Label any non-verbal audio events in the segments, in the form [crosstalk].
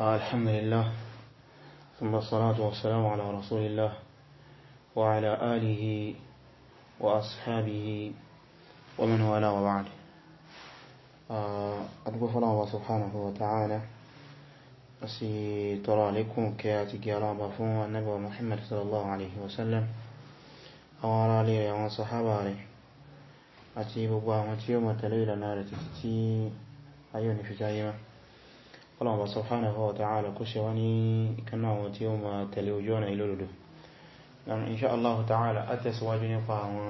آه، الحمد لله ثم الصلاة والسلام على رسول الله وعلى آله وأصحابه ومن والاه وبعد آه، أدقف الله سبحانه وتعالى أسي ترى لكم كياتك يا رب فهو النبي محمد صلى الله عليه وسلم أورا لي يا صحابة عليه أتي ببا وتيوم تليل نار تتي أيوني في جايمة ọlọ́wọ́ subhanahu wa ta'ala kó ṣe wá ní ìkaná àwọn tí ó ma tẹ̀lé ojú ọ̀nà ilódodo nam insha Allah ta'ala a tẹ̀síwájú nípa àwọn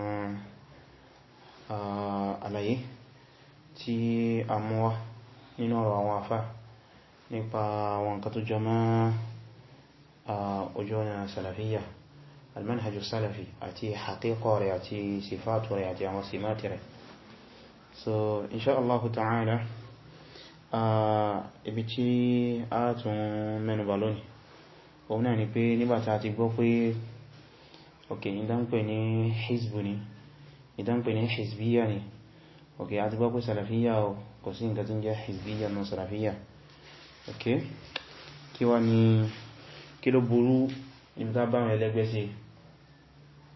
àlàyé tí a mú wá nínú ọ̀rọ̀ àwọn afá nípa àwọn nǹkan tó jọ ibi tí a tún mẹ́nubà lónìí òun náà ni pé nígbàtí a ti gbọ́ pé ok ìdánpẹ̀ ní hizbu ni ìdánpẹ̀ ní hizbiya ni ok a ti gbọ́ pé salafiya o kò sí nǹkan tí ń jẹ́ hizbiya nù salafiya ok kí wá ní kí ló burú níbi tá bá wọn ẹlẹ́gbẹ́ sí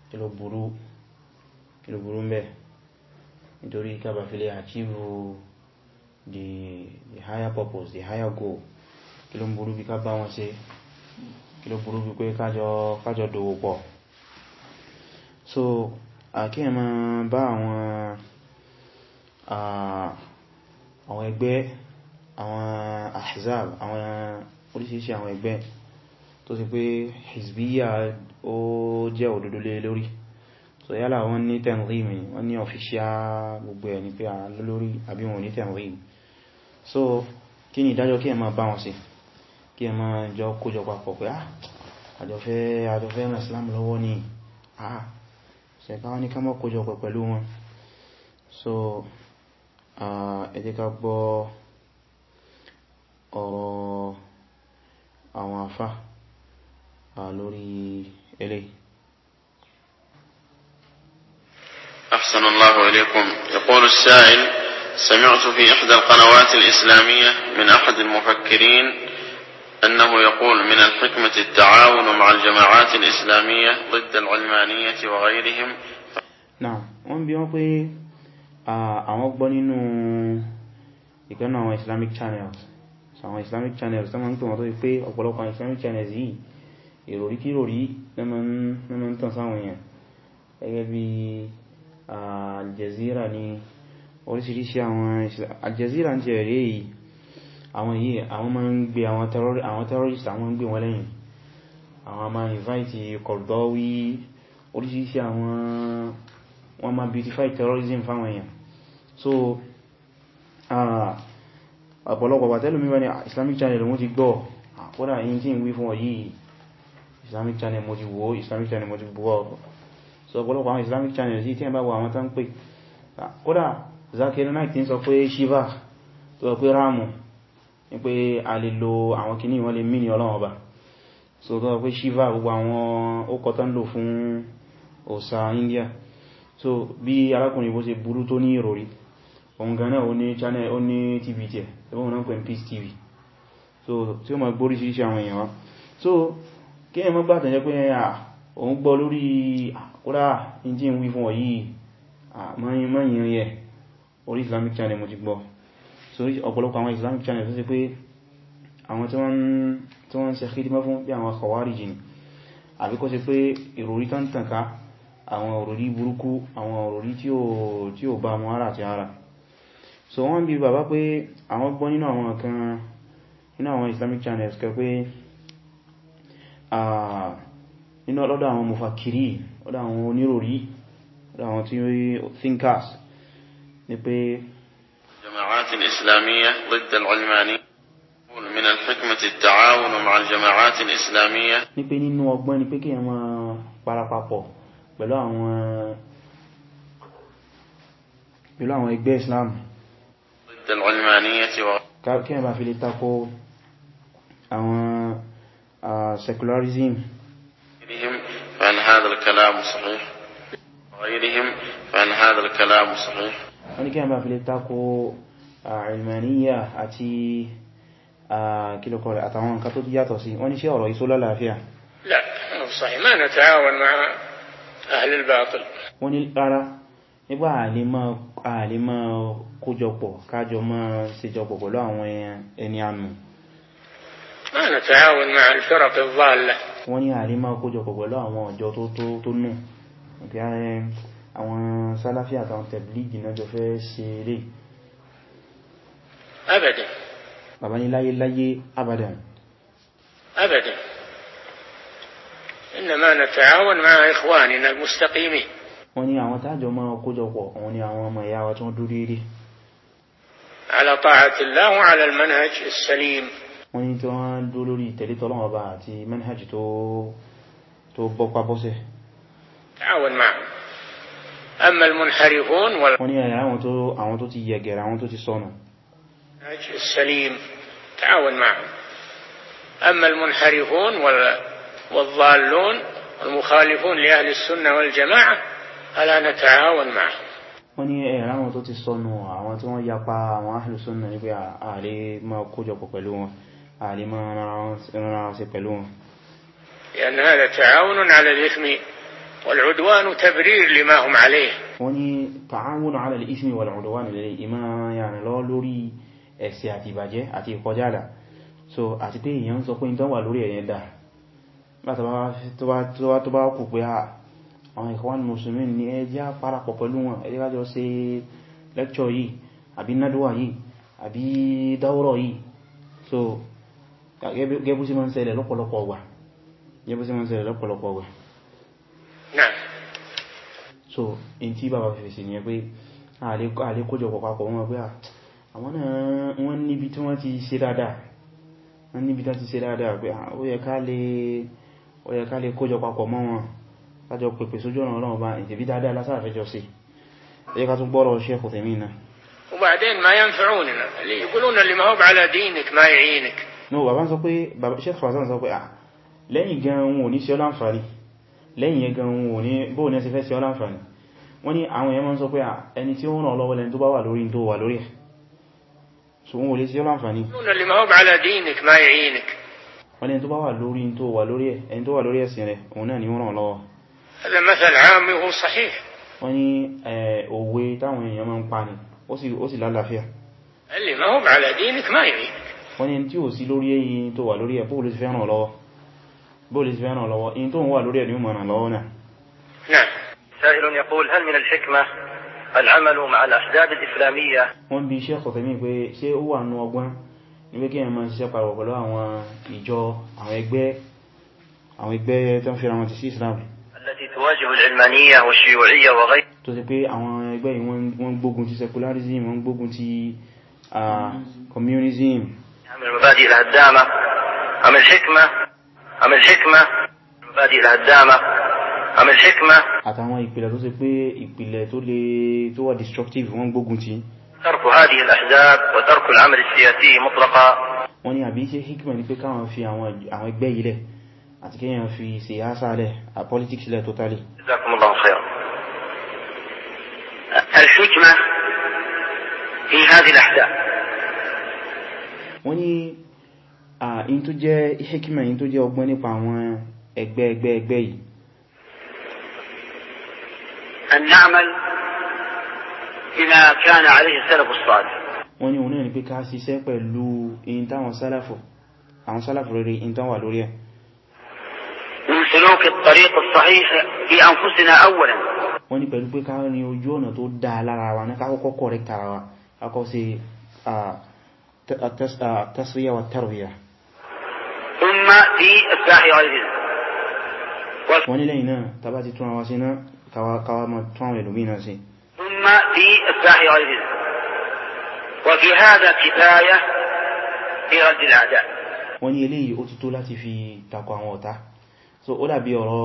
kí ló burú kí ló burú mẹ́ the, the higher purpose the higher goal kí ló ń burú bí ká bá wọn ṣe kí ló burú bí pé kájọ dòwò pọ̀ so àkíyàn ma bá àwọn àwọn ẹgbẹ́ àwọn ahzab àwọn oríṣiríṣi àwọn ẹgbẹ́ tó sì pé hizbiya ó jẹ́ òdodo lé lórí so yálà wọ́n ní tanzim wọ́n ní official gbogbo ẹ̀ ní pé a lórí àbí wọn ní tanzim so kí ni ìdájọ́ kí ẹ máa bá wọn sí kí ẹ máa jọ kójọ papọ̀ pé àjọfẹ́ ah, àjọfẹ́ ẹ̀rìn Islam lọ́wọ́ ni àà ah, ṣẹ̀ká wọn ní ká mọ́ kójọ pẹ̀lú wọn so ẹ jẹ́ ká gbọ́ ọ̀rọ̀ àwọn afá lórí eléyìí أحسن الله إليكم يقول السائل سمعت في إحدى القنوات الإسلامية من أحد المفكرين أنه يقول من الحكمة التعاون مع الجماعات الإسلامية ضد العلمانية وغيرهم ف... نعم وان بيوطي أمقبني أنه يكون هو إسلاميك تانيال سواء إسلاميك تانيال سواء أنت مطلوب في أقلوك عن إسلاميك تانيال زي يروري كيروري لمن تنساوين أجل بي الجزيرة ني oríṣiríṣi àwọn Aljazeera ti ẹ̀rẹ́ yìí àwọn yìí àwọn máa ń gbé àwọn terrorist àwọn ń gbé wọn lẹ́yìn àwọn máa invite Kordowi oríṣiríṣi àwọn wọ́n máa beautify terrorism fáwọn èèyàn so ọ̀pọ̀lọpọ̀ pàtẹ́lùmí wọ́n ni Islamic Channel mo ti gbọ́ kódà yìí tí ń wí fún ọ Islamic Channel mo ti wò Islamic Channel mo ti gbọ́ so ọ̀pọ̀lọpọ̀ àwọn Islamic Channel sí tí ẹ bá wọ àwọn tán pè kódà Zakir Naik ti ń sọ pé shiva tó sọ pé ramu ní pé a lè lo àwọn kìíní wọ́n lè mìí ọlọ́run ọba so tó sọ pé shiva gbogbo àwọn ókọ tán lò fún òsà India so bí alákùnrin bó ṣe burú tó ní ìròrí ohun gan náà ó ní channel ó ní tv tẹ̀ ẹgbọ́n náà pẹ̀ Peace TV so tí ó ma gbórí síṣẹ́ àwọn èèyàn wá so kí ẹ̀mọ́ gbà tẹ̀jẹ́ pé à òun gbọ́ lórí àkúrà ìjìn wí fún ọ̀yí àmọ́yìn mọ́yìn rẹ̀ orí islamic channel mo ti gbọ́ so ọ̀pọ̀lọpọ̀ àwọn islamic channel tó ṣe pé àwọn tí wọ́n ń ṣe khidima fún bí àwọn khawarij ni àbí kó ṣe pé ìròrí tán tànká àwọn òròrí burúkú àwọn òròrí tí ó bá wọn ara àti ara so wọ́n bí bàbá pé àwọn gbọ́ nínú àwọn kan nínú àwọn islamic channels kẹ pé nínú ọlọ́dọ̀ àwọn mufakiri ọlọ́dọ̀ àwọn oníròrí ọlọ́dọ̀ àwọn thinkers نبي جماعات الإسلامية ضد العلمانية من الحكمة التعاون مع الجماعات الإسلامية ní pé nínú ọgbọ́n نبي نينو ninu kí ẹ máa parapapọ̀ pẹ̀lú àwọn pẹ̀lú àwọn ضد العلمانية و... ẹ bá fi lè tako àwọn secularism فإن هذا الكلام صحيح غيرهم فإن هذا الكلام صحيح wọ́n ni kí a máa fi lè tako ilmaniya àti kílùkọ́ àtàwọn nǹkan tó yàtọ̀ sí wọ́n ni ṣe ọ̀rọ̀ iso lálàáfíà wọ́n ni rárá nígbà àlèmọ́ kójọpọ̀ kájọ mọ́ síjọpọ̀ pẹ̀lú àwọn ما نتعاون مع الفرق الضالة wọ́n ni àlèmọ́ kójọpọ̀ pẹ̀lú àwọn ọjọ́ tó àwọn sálàfí àtàwọn tẹ̀blígì náà jọ fẹ́ ṣe eré abadan bàbá ní láyé láyé abadan abadan innama nata'awan ma'a ikhwanina al-mustaqimin wọ́n ní àwọn tájọ máa kójọpọ̀ wọ́n ní àwọn ọmọ ìyá wa tí wọ́n dúró rí ala ta'atillah wọ́n ní tí wọ́n dúró lórí tẹ̀lé t'Ọlọ́run Ọba àti manhaj tó bọ́pá bọ́sẹ̀ ta'awan ma'a أما المنحرفون وال... نهج السليم تعاون معهم أما المنحرفون وال... والضالون المخالفون لأهل السنة والجماعة ألا نتعاون معهم wọ́n ní ẹ̀rọ tó ti sọnù àwọn tí wọ́n yapa àwọn ahlùsọ́nà ní pé ààrẹ máa kójọpọ̀ pẹ̀lú wọn ààrẹ máa rárá sí pẹ̀lú wọn. لأن هذا تعاون على الإثم والعدوان تبرير لما هم عليه وني تعاون على الإثم والعدوان للي إما يعني لو لوري ẹ̀ṣẹ̀ àti ìbàjẹ́ àti ìkọjáàlà so àti pé èyàn sọ pé ìtàn wà lórí ẹ̀yẹn dá tó bá kò pé ah, àwọn Ikhwan Muslimin ní ẹjá parapọ̀ pẹ̀lú wọn ẹjá jọ ṣe lẹ́kṣọ́ yìí àbí nádúwà yìí àbí dáwọ́rọ̀ yìí so gẹ́gẹ́ bí sí máa ń ṣẹlẹ̀ lọ́pọ̀lọpọ̀ ọgbà so in tí bàbá fèfè sí ni pé àlékójọpọ̀ papọ̀ wọn pé àwọn náà wọ́n níbi tí wọ́n ti ṣe dáadáa wọ́n níbi tí wọ́n ti ṣe dáadáa pé ó yẹ ká lè kójọ papọ̀ mọ́ wọn lájọ pèpè sójú ọ̀nà ọlọ́run bá ìtẹ̀bí dáadáa lásàfẹ́jọ sí ẹ̀yẹ ká tún gbọ́rọ̀ ṣe kò tẹ̀mí وبعدين ما ينفعوننا اللي يقولون اللي ما هو على دينك ما يعينك نو بابا sọ pé bàbá Sheikh Fawzan sọ pé ah lẹ́yìn yẹn gan wọ́n ní bó ní ẹsẹ̀ fẹ́ sí ọláǹfàní wọ́n ní àwọn èèyàn máa ń sọ pé ẹni tí ó ràn lọ́wọ́ lẹ́ni tó bá wà lórí tó wà lórí ẹ̀ so wọ́n lè sí ọláǹfàní wọ́n ni wọ́n ni tí ò sí lórí ẹ̀yìn tó wà lórí ẹ̀ bóòlù ti fẹ́ràn lọ́wọ́ بولي سبحانه الله إن تون هو لوري اليوم أنا الله نعم سائل يقول هل من الحكمة العمل مع الأحزاب الإسلامية wọ́n bi Sheikh Uthaymeen pé ṣé ó wà nínú ọgbọ́n ní pé kí èèyàn máa ṣiṣẹ́ papọ̀ pẹ̀lú àwọn ìjọ àwọn ẹgbẹ́ àwọn ẹgbẹ́ tó ń fi ra wọn ti sí Islam التي تواجه العلمانية والشيوعية وغيرها tó ṣe pé àwọn ẹgbẹ́ yìí wọ́n gbógun ti secularism wọ́n gbógun ti ah, communism عن المبادئ الهدامة عن الحكمة àmì ṣíkìmá ìbàdí ìlàdáàmà àmì ṣíkìmá. àtàwọn ìpìlẹ̀ tó ṣe pé ìpìlẹ̀ tó lè tó wà destructive wọ́n gbógun ti. tarku hadihi al-ahzab wa tarku al-amal as-siyasi mutlaqa. wọ́n ní àbí ṣe hikima ni pé káwọn fi àwọn ẹgbẹ́ yìí lẹ̀ àti kéèyàn fi siyasa lẹ̀ à politics lẹ̀ totally. jazakumullahu khairan. al-hikma fi hadhihi al-ahzab. wọ́n ní in tó jẹ́ hikima in tó jẹ́ ọgbọ́n nípa àwọn ẹgbẹ́ ẹgbẹ́ ẹgbẹ́ yìí an na'mal bima kana alayhi salafu salih wọ́n ní òun náà ni pé ká ṣiṣẹ́ pẹ̀lú in táwọn sálàfù àwọn sálàfù rere in tán wà lórí ẹ̀ wọ́n ní pẹ̀lú pé ká rin ojú ọ̀nà tó dáa lára wa ní ká kọ́kọ́ correct wa akọ́ ah, sí ah, tasriya wa في الساحرة wọ́n nílẹ̀ iná tàbá ti tún àwọn sí náà kàwà mọ̀ tún àwọn ẹlòmí náà sí ثم في الساحرة وفي هذا كفاية في رد الأعداء wọ́n ní eléyìí ó ti tó láti fi takọ àwọn ọ̀tá so ó dàbí ọ̀rọ̀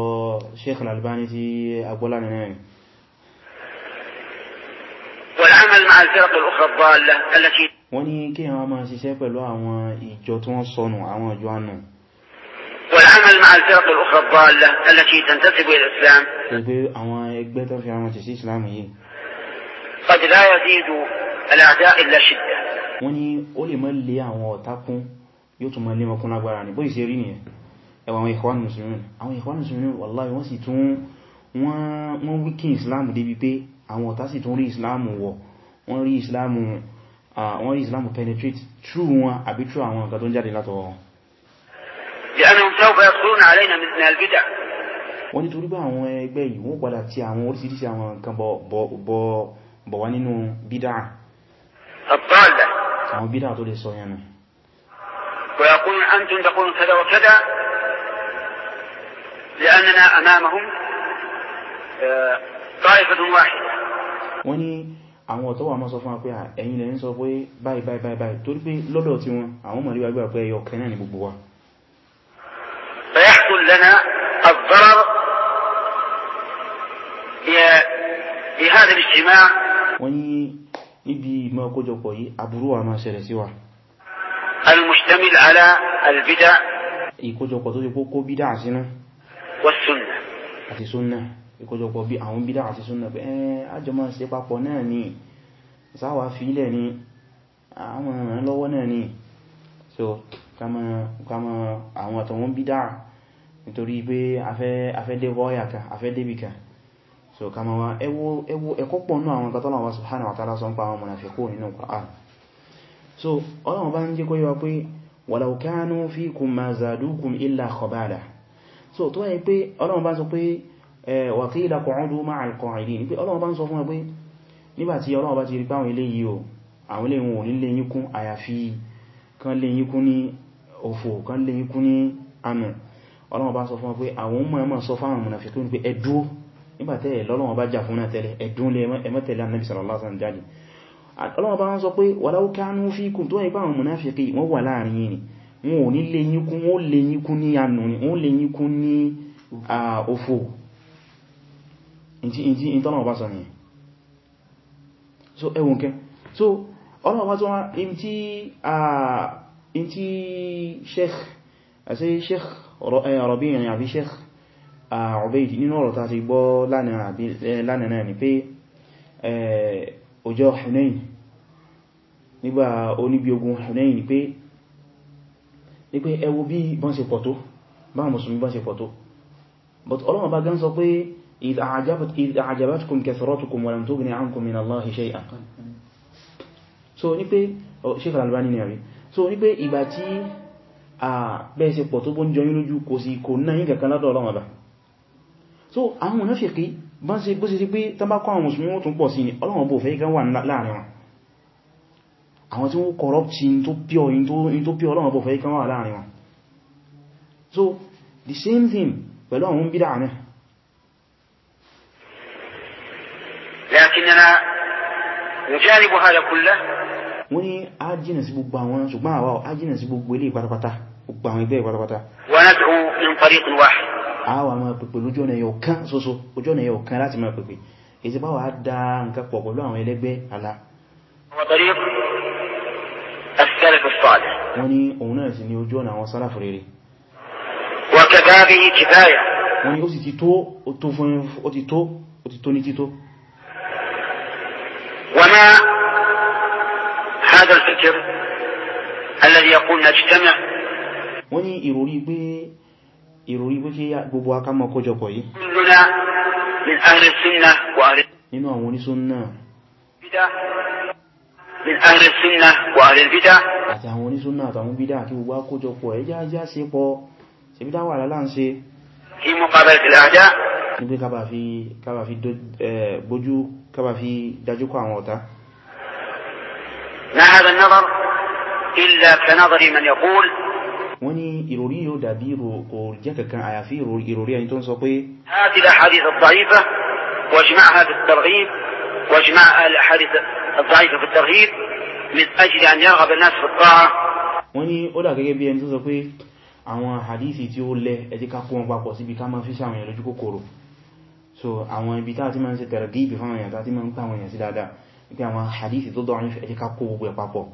Sheikh Al-Albani tí agbọ́lá nínú ẹ̀rin wọ́n ní kí àwọn máa ṣiṣẹ́ pẹ̀lú àwọn ìjọ tí wọ́n sọnù àwọn ìjọ ànù يتعامل مع الفرق الأخرى الضالة التي تنتسب إلى الإسلام قد لا يزيد الأعداء إلا شدة wọ́n ní ó lè mọ́ lé àwọn ọ̀tákún yóò tún mọ́ lé mọ́kún lágbára ní bó ìṣe rí nìyẹn ẹwà àwọn Ikhwan Muslimin àwọn Ikhwan Muslimin wallahi wọ́n sì tún wọ́n wíkí Islam débi pé àwọn ọ̀tá sì tún rí Islam wọ̀ wọ́n rí Islam wọ́n rí Islam penetrate through wọn àbí through àwọn nǹkan يفترون علينا من البدع wọ́n ní torí bá àwọn ẹgbẹ́ yìí wọ́n padà tí àwọn orísìírísìí àwọn nǹkan bọ̀ wá nínú bídá àwọn bídá tó lè sọ yẹnu ويقول أنتم تقولون كذا وكذا لأننا أمامهم طائفة واحدة wọ́n ní àwọn ọ̀tọ́ wà máa sọ fún wa pé ẹ̀yin lẹ́yìn sọ pé báyìí báyìí báyìí torí pé lọ́dọ̀ tí wọn àwọn mọ̀lẹ́wàgbà pé ẹyọ kẹ́ náà ni gbogbo wa لنا الضرر بهذا الاجتماع ibi ma kójọpọ̀ yìí aburú wa máa ṣẹlẹ̀ sí wa al-mushtamil ala al-bida ìkójọpọ̀ tó ti kó kó bídá sínú was-sunnah àti súnnà ìkójọpọ̀ bí àwọn bídá àti súnnà pé ẹn àjọ máa ṣe papọ̀ náà ni sáwà fílẹ̀ ni àwọn ìrànlọ́wọ́ náà ni so kama àwọn àtàwọn bídá nítorí pé afẹ́dé wọ́yàká afẹ́dé bìkà so kama wa ẹwọ ẹ̀kọ́ pọ̀ náà àwọn katọ́lọ̀ wa subhanahu wa ta'ala sọ ń pa àwọn munafiqun nínú Qur'an so Ọlọ́run bá ń jẹ́ kó yé wa pé walau kanu fikum ma zadukum illa khabala so tó wáyé pé Ọlọ́run bá sọ pé wa qila qu'udu ma'al qa'idin pé Ọlọ́run bá ń sọ fún wa pé nígbàtí Ọlọ́run bá ti rí páwọn eléyìí o àwọn eléyìí wọn ò ní léyìn kún àyàfi kan ọlọ́wọ́ bá sọ fún wọn pé àwọn ọmọ ẹmọ sọ fáwọn munafikun pé ẹdúó nígbàtẹ́ lọ́lọ́wọ́ bá jà fún náà tẹ́lẹ̀ ẹdún lé ẹmọ́tẹ̀lẹ̀ annabi sallallahu alaihi wasallam jáde ọlọ́wọ́ bá sọ pé walau kanu fikum tó ipá àwọn munafiki wọ́n wà láàrin yìí ni wọn ò ní lé yínkún wọ́n lé so ẹwùn kẹ so ọlọ́wọ́ bá tó wá in tí Rabi' ní àbí Sheikh Ubaid nínú ọ̀rọ̀ tàbí gbọ́ lánàá náà ni pé ọjọ́ Hunain nígbà oníbi ogun Hunain ni pé ẹ wo bí bọ́n ṣe pọ̀ tó báwọn mùsùlùmí bọ́n ṣe pọ̀ tó but Ọlọ́run bá gán sọ pé idh a'jabatkum kathratukum wa lam tughni 'ankum min Allahi shay'an so ní pé Sheikh al so ní pé bẹ́ẹ̀ ṣe pọ̀ tó bó ń jọ yín lójú kò sí kò náà yín kankan lọ́dọ̀ Ọlọ́run Ọba so àwọn mùnáfìkí bá ṣe bó ṣe sí pé tán bá kọ́ àwọn mùsùlùmí wọ́n tún pọ̀ sí ni Ọlọ́run bó fẹ́ gan wà corrupt in tó pure in tó pure Ọlọ́run bó fẹ́ gan wà láàrin wọn so the same thing pẹ̀lú àwọn bídà náà لكننا نجانب هذا كله wọ́n ní a jìnà sí gbogbo àwọn ṣùgbọ́n àwa a jìnà sí gbogbo ilé ìpàtàpàtà gbogbo àwọn ẹgbẹ́ ìpàtàpàtà àwa máa pèpè lójú ọ̀nà ẹyọ kan ṣoṣo ojú láti máa pèpè èsì bá wà wọ́n ní òun sì ní ojú ọ̀nà àwọn sálàfù ó ti tó ó ti tó ní tító wọ́n máa المستنكر الذي يقول نجتمع wọ́n ní ìròrí pé ìròrí pé kí gbogbo akámọ́ kójọpọ̀ yìí nínú àwọn onísúnnà àti àwọn onísúnnà àtàwọn bídá kí gbogbo akójọpọ̀ ẹjá ajá sí pọ̀ sí bídá wà lálá ń ṣe nígbé kábà fi dájú kọ àwọn ọ̀tá ما هذا النظر إلا كنظر من يقول wọ́n ní ìròrí yóò dàbí kò jẹ́ kankan àyàfi ìròrí ẹni tó ń sọ pé هذه الأحاديث الضعيفة واجمعها في الترغيب واجمع الأحاديث الضعيفة في الترغيب من أجل أن يرغب الناس في الطاعة wọ́n ní ó dà gẹ́gẹ́ bí ẹni tó sọ pé àwọn hadithi tí ó lẹ ẹ jẹ́ ká kó wọn papọ̀ síbi ká máa fi sáwọn èèyàn lójú kòkòrò so àwọn ibi tá ti máa ń ṣe tẹ̀rẹ̀ gíìbì fáwọn èèyàn tá ti máa ń pàwọn èèyàn sí dáadáa ipe àwọn hadithi tó dọ̀rin fẹ́ ẹ̀díká kó gbogbo ẹ̀ papọ̀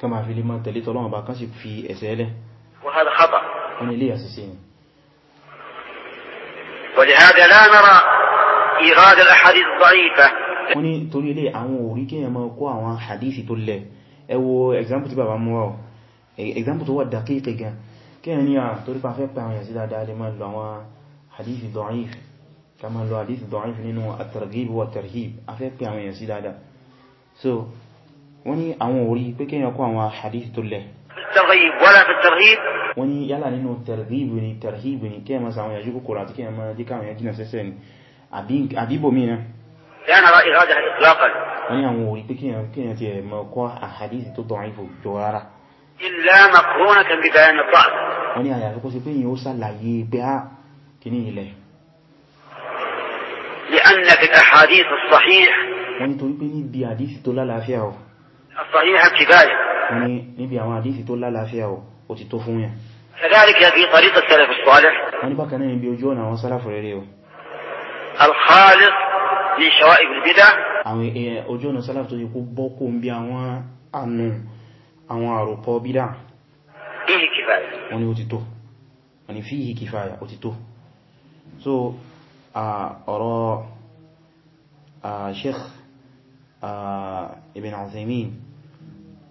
kama fi lè máa tẹ̀lé tọ́lọ́wọ́n bá kán sì fi ẹ̀sẹ̀ ẹlẹ́ wọ́n ilé àṣìṣe ni wọ́n ni torí ilé àwọn orí kí ẹ̀mọ́ kó àwọn hadithi tó lẹ̀ ẹ wo example tí bàbá e, example tó wà dákẹ́ ìkẹgẹ kí ẹ̀ ní à ah, torípa fẹ́ pẹ̀ àwọn yẹ̀ dáadáa lè máa lọ àwọn hadithi dọ̀rin fẹ́ kama lo hadith da'if nínú at-targhib wa tarhib afẹ́ pé àwọn èèyàn sí dáadáa so wọ́n ní àwọn orí pé kéèyàn kó àwọn hadith tó lẹ̀ wọ́n ní yálà nínú targhib ni tarhib ni kéèyàn máa sàwọn yàjú kòkòrò àti kéèyàn máa díkà àwọn yàjú náà sẹ́sẹ́ ni àbíbò mìíràn wọ́n ní àwọn orí pé kéèyàn ti ẹ̀ mọ́ kọ́ àhadith tó da'if jọ rárá illa makrunatan bi bayan ad-da'f wọ́n ní àyàfi kó sí pé yíò sàlàyé pé á kì ní لأن في الأحاديث الصحيح wọ́n nítorí pé níbi àdísì tó كفاية wọ́n ní níbi àwọn àdísì tó lálàáfíà ọ̀ ó ti tó fún yẹn كذلك في طريق السلف الصالح wọ́n الخالص من شوائب البدع àwọn ojú ọ̀nà sálàfù tó ti kó bọ́kù ń bí àwọn ànù àwọn àròpọ̀ bídà فيه كفاية wọ́n ní ó ti tó wọ́n ní فيه كفاية ó ti tó so ọ̀rọ̀ sheikh ibn Uthaymeen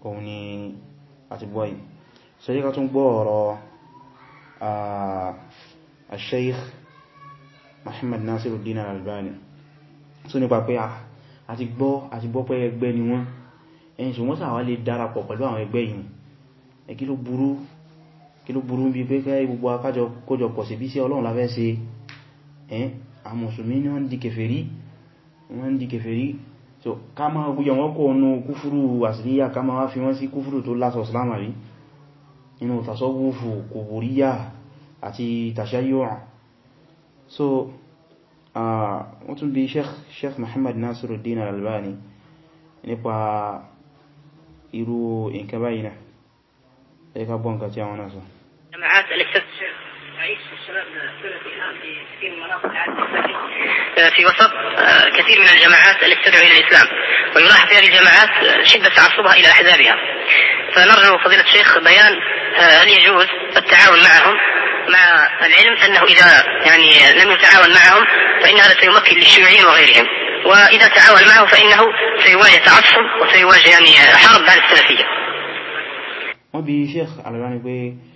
òun ni a ti gbọ́ yìí so yíká tún gbọ́ ọ̀rọ̀ sheikh Muhammad Nasiruddin Al-Albani tó nípa pé àti gbọ́ àti gbọ́ pé ẹgbẹ́ ni wọ́n ẹ̀yìn ṣùgbọ́n sàwà lè darapọ̀ pẹ̀lú àwọn ẹgbẹ́ yìí ẹ̀kí kí ló burú bí pé kẹ́ gbogbo akájọ kójọpọ̀ sí bí sí Ọlọ́run la fẹ́ ṣe a mùsùlùmí ni wọ́n di di kèfèrí so ká ma gúyọ wọ́n kò nú kúfúrú àsìríyà ká ma wá fi wọ́n sí kúfúrú tó lásọ̀ islam rí inú tasọ́wúfù kòbòríyà àti tàṣáyọ́rùn so wọ́n tún bí sheikh sheikh Muhammad Nasiruddin Al-Albani nípa irú nǹkan báyìí náà ẹ̀ka bọ́nkà tí àwọn آه، في وسط آه، كثير من الجماعات التي تدعو الى الاسلام ويلاحظ في هذه الجماعات شده تعصبها الى احزابها فنرجو فضيله الشيخ بيان آه، هل يجوز التعاون معهم مع العلم انه اذا يعني لم يتعاون معهم فان هذا سيمكن للشيوعيين وغيرهم واذا تعاون معه فانه سيواجه تعصب وسيواجه يعني حرب على السلفيه. wọ́n شيخ على alalani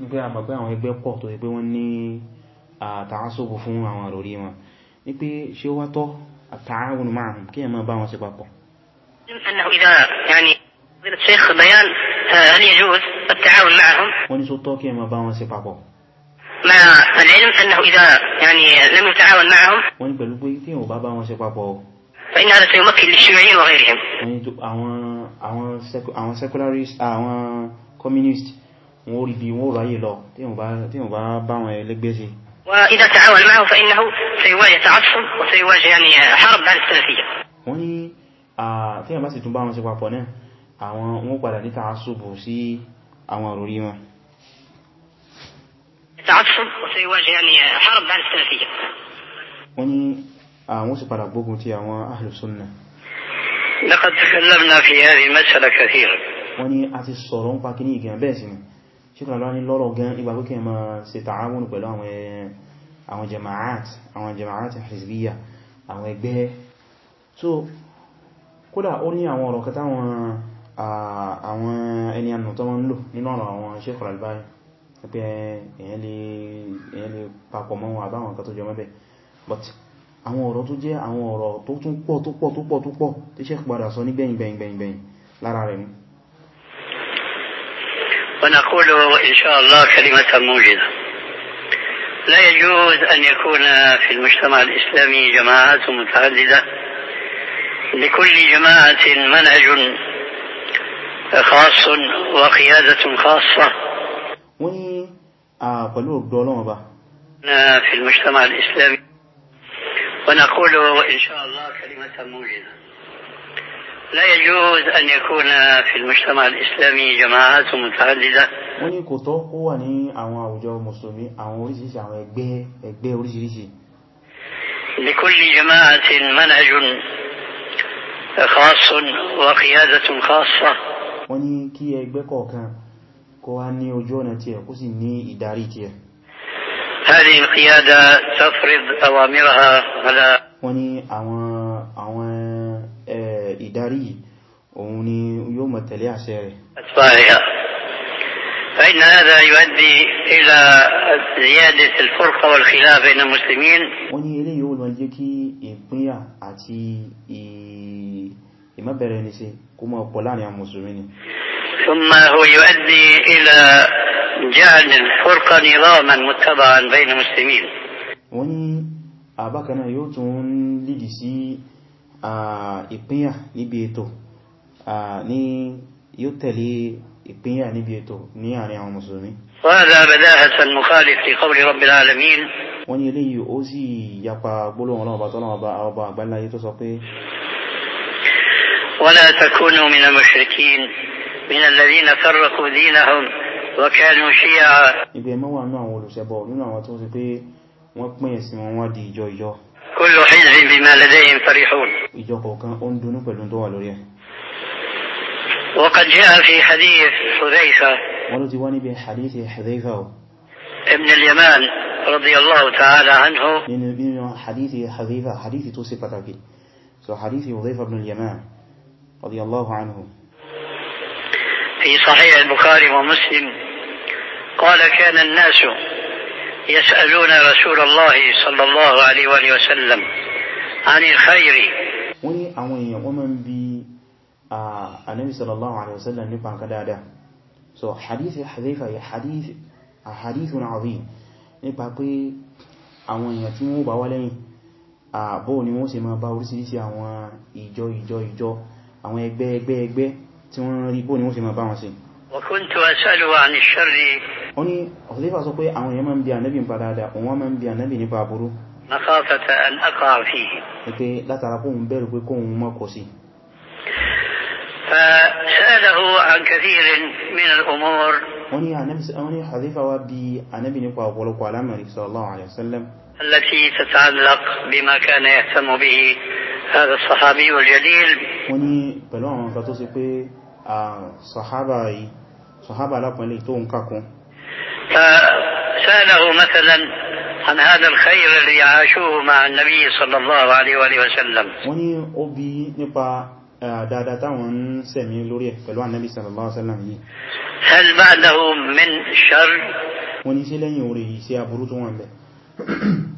ní pé àmà pé àwọn ẹgbẹ́ pọ̀ tó pé wọ́n ní àtàásòbò fún àwọn àròrí wọn ní pé ṣe wá tọ́ àtàáwọn márùn kí ẹ bá wọn ṣe papọ̀ wọ́n ní só tọ́ kí ẹ bá wọn ṣe papọ̀ مع العلم أنه إذا يعني لم يتعاون معهم وين pẹ̀lú pé tí wọ́n bá bá wọn ṣe papọ̀ فإن هذا سيمكن للشيوعيين وغيرهم àwọn àwọn secularist àwọn communist wọ́n rí bí wọ́n ráyè lọ tí wọ́n bá bá wọn ẹlẹ́gbẹ́ sí وإذا تعاون معه فإنه سيواجه تعصب وسيواجه يعني حرب على السلفية wọ́n ní tí wọ́n bá sì tún bá wọn ṣe papọ̀ náà àwọn wọ́n padà ní tààsùbù sí àwọn òrùrí wọn wọ́n ní àwọn sì padà gbógun ti àwọn أهل wọ́n ní a ti sọ̀rọ̀ ń pa kí ní ìgbìyàn sí ni ṣíkàn lọ́ní lọ́rọ̀ gan ìgbà pẹ́kẹ́ ma ṣe tààmùn pẹ̀lú àwọn jama'at àwọn jama'at hizbiyya àwọn ẹgbẹ́ so kódà ó ní àwọn ọ̀rọ̀ kẹta àwọn ẹni ànà tó wọ́n lò nínú ọ̀rọ̀ àwọn Sheikh Al-Albani pé èyàn but àwọn ọ̀rọ̀ tó jẹ́ àwọn ọ̀rọ̀ tó tún pọ̀ tó pọ̀ tó pọ̀ tó pọ̀ rẹ̀ ni ونقول إن شاء الله كلمة موجزة لا يجوز أن يكون في المجتمع الإسلامي جماعات متعددة لكل جماعة منهج خاص وقيادة خاصة في المجتمع الإسلامي ونقول إن شاء الله كلمة موجزة لا يجوز أن يكون في المجتمع الإسلامي جماعات متعددة wọ́n ní kò tọ́ kó wà ní àwọn àwùjọ mùsùlùmí àwọn oríṣiríṣi àwọn ẹgbẹ́ ẹgbẹ́ oríṣiríṣi لكل جماعة منهج خاص وقيادة خاصة wọ́n ní kí ẹgbẹ́ kọ̀ọ̀kan kó wà ní ojú ọ̀nà tiẹ̀ kó sì ní ìdarí tiẹ̀ هذه القيادة تفرض أوامرها على wọ́n ní àwọn àwọn الإداري وني يوم التليع سيري أتفاهية فإن هذا يؤدي إلى زيادة الفرقة والخلاف بين المسلمين وني إلي يقول من يكي إبنيا أتي إما برينيسي كما أقولاني عن المسلمين ثم هو يؤدي إلى جعل الفرقة نظاما متبعا بين المسلمين وني أبا كان يوتون لدي ìpínyà níbi ètò ní yóò tẹ̀lé ìpínyà níbi ètò ní àárín àwọn mùsùlùmí wọ́n ní eléyìí ó sì yapa gbólóhùn ọlọ́ọ̀bá tọ́lọ́ọ̀bá ọba àgbáláyé tó sọ pé ولا تكونوا من المشركين من الذين فرقوا àwọn olùṣẹbọ tó ṣe pé wọ́n pín ẹ̀sìn wọn wá di ìjọ ìjọ كل حزب بما لديهم فرحون وقد جاء في حديث حذيفة ولديواني بحديث حذيفة ابن اليمان رضي الله تعالى عنه من حديث حذيفة حديث توصف تاكي سو حديث حذيفة بن اليمان رضي الله عنه في صحيح البخاري ومسلم قال كان الناس يسألون رسول الله صلى الله عليه وآله وسلم عن الخير wọ́n ní àwọn èèyàn wọ́n mọ́ ń bí ànábì sallallahu alaihi wasallam nípa nǹkan dáadáa so hadith Hudhayfa yẹ hadith ahadithun azim nípa pé àwọn èèyàn tí wọ́n bá wá lẹ́yìn àbọ́ ni wọ́n ṣe máa bá orísìírísìí àwọn ìjọ ìjọ ìjọ àwọn ẹgbẹ́ ẹgbẹ́ ẹgbẹ́ tí wọ́n rí bó ni wọ́n ṣe máa bá wọn ṣe wa kuntu as'aluhu 'ani ash-sharri ó ní ọ̀sẹ̀fà sọ pé àwọn èèyàn máa ń bí ànábì ń pa dáadáa òun wọ́n máa ń bí ànábì nípa aburú pé látara kóhun bẹ̀rù pé kóhun mọ́ kò sí wọ́n ní ọ̀sẹ̀fà wá bí ànábì nípa ọ̀pọ̀lọpọ̀ alámọ̀rí sallallahu alaihi wasallam التي تتعلق بما كان يهتم به هذا الصحابي الجليل وني بلون فتوسي بي صحابة صحابة لا بني تون كاكون فسأله مثلا عن هذا الخير الذي عاشوه مع النبي صلى الله عليه وآله وسلم وني أبي نبا دادا تاون سمي لوري فلو النبي صلى الله عليه وسلم هل بعده من شر وني سيلين يوري سيابرو توان بي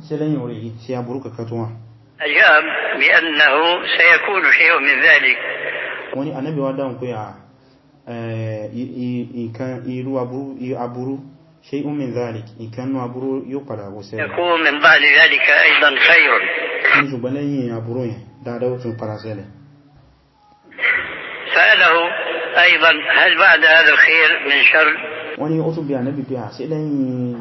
سيلين يوري سيابرو وان أجاب بأنه سيكون شيء من ذلك وني النبي وداون كويا كان إيكان إيرو أبرو شيء من ذلك إن كانوا أبرو يقرأ وسيرا يكون من بعد ذلك أيضا خير نجب لي أبرو دعوة البرازيل سأله أيضا هل بعد هذا الخير من شر وني أطب يعني ببيع سئلين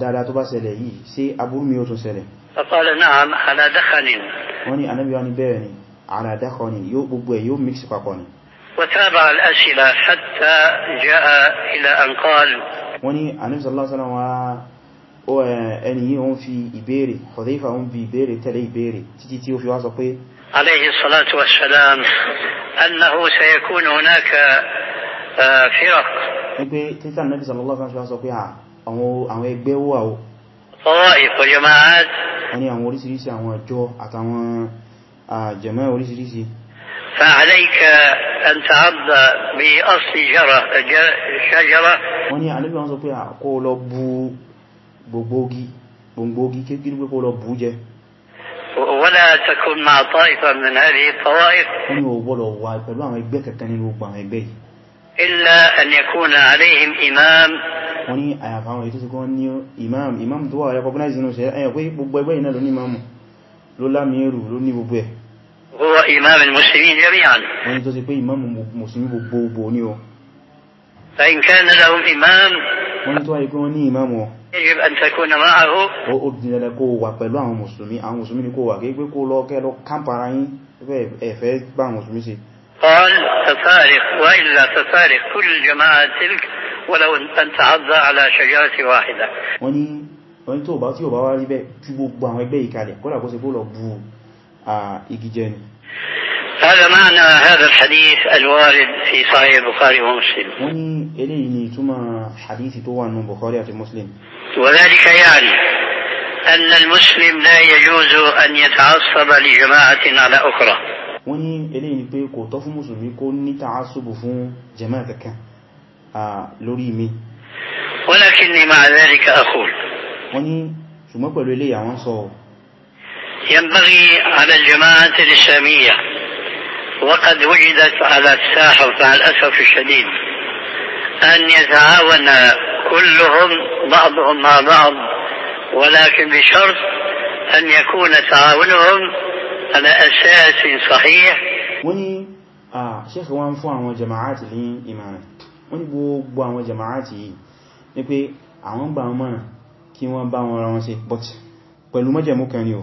dáadáa tó bá ṣẹlẹ̀ yìí sí aburú mi ó tún ṣẹlẹ̀. faqala na'am ala dakhanin. wọ́n ní anábíwá ní bẹ́ẹ̀ ni ala dakhanin yóò gbogbo وتابع الأسئلة حتى جاء إلى أن قال وني عن صلى الله عليه وسلم ẹni yíò ń fi ìbéèrè Hudhayfa ń fi ìbéèrè tẹ̀lé ìbéèrè títí tí ó fi wá sọ pé عليه الصلاة والسلام أنه سيكون هناك فرق ẹgbẹ́ títà Nabi sallallahu alaihi wasallam sọ pé ah, àwọn ẹgbẹ́ wà ó طوائف والجماعات wọ́n ni àwọn orísìírísìí àwọn ọjọ́ àtàwọn jàmáà orísìírísìí فعليك أن تعض بأصل جرة شجرة wọ́n ní àníbí wọ́n sọ pé kó lọ bú gbogbogi gbogbogi kékeré pé kó lọ bú jẹ ولا تكن مع طائفة من هذه الطوائف wọ́n ní ògbọ́lọ̀ wà pẹ̀lú àwọn ẹgbẹ́ kẹta nínú gbogbo àwọn ẹgbẹ́ yìí إلا أن يكون عليهم إمام wọ́n ní àyàfà àwọn ètò síkọ́ ní imam imam tó wà recognize inú ṣe ẹ̀yà pé gbogbo ẹgbẹ́ ìnáà ló ní imam ló lámìírù ló ní gbogbo ẹ̀ هو إمام المسلمين جميعا wọ́n tó ṣe pé ìmáàmù mùsùlùmí gbogbo ní o فإن كان لهم إمام wọ́n tó wáyé pé wọ́n ní ìmáàmù ọ يجب أن تكون معه ó ó dìnnà lẹ kó wà pẹ̀lú àwọn mùsùlùmí àwọn mùsùlùmí ni kó wà kéèké kó lọ kẹ́ lọ kámpara yín ẹ̀fẹ́ bá àwọn mùsùlùmí ṣe قال تصارخ وإلا تصارخ كل جماعة تلك ولو أن تعض على شجرة واحدة wọ́n ní wọ́n ní tó bá tí ò bá wá rí bẹ́ẹ̀ ju igijẹni. هذا معنى هذا الحديث الوارد في صحيح البخاري ومسلم وني إليه نيتما حديث طوان من بخاري في مسلم وذلك يعني أن المسلم لا يجوز أن يتعصب لجماعة على أخرى وني إليه نيبي كوتوف مسلمي كون نتعصب فون جماعة كان لوريمي ولكني مع ذلك أقول وني شو ما قالوا لي يا وانصور ينبغي على الجماعات الإسلامية وقد وجدت على الساحة مع الأسف الشديد أن يتعاون كلهم بعضهم مع بعض ولكن بشرط أن يكون تعاونهم على أساس صحيح وني آه شيخ وان فو àwọn jama'ati وني imana wọ́n gbogbo àwọn jama'ati yìí ní pé àwọn gbà wọn mọ́ràn kí pẹ̀lú mọ́jẹ̀mú kan ni o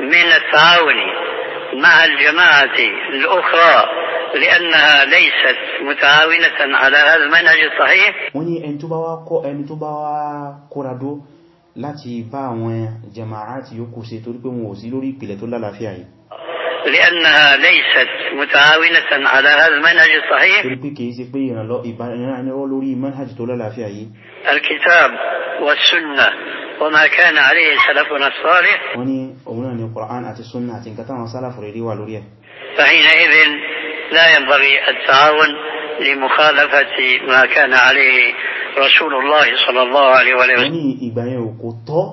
من التعاون مع الجماعة الأخرى لأنها ليست متعاونة على هذا المنهج الصحيح láti bá àwọn jama'ati yòókù ṣe torí pé wọn ò sí lórí ìpìlẹ̀ tó lálàáfíà yìí لأنها ليست متعاونة على هذا المنهج الصحيح الكتاب والسنة وما كان عليه سلفنا الصالح فحينئذ لا ينبغي التعاون لمخالفة ما كان عليه Rasulullah sallallahu alaihi wa sallam ní ìgbà yẹn ò kò tọ́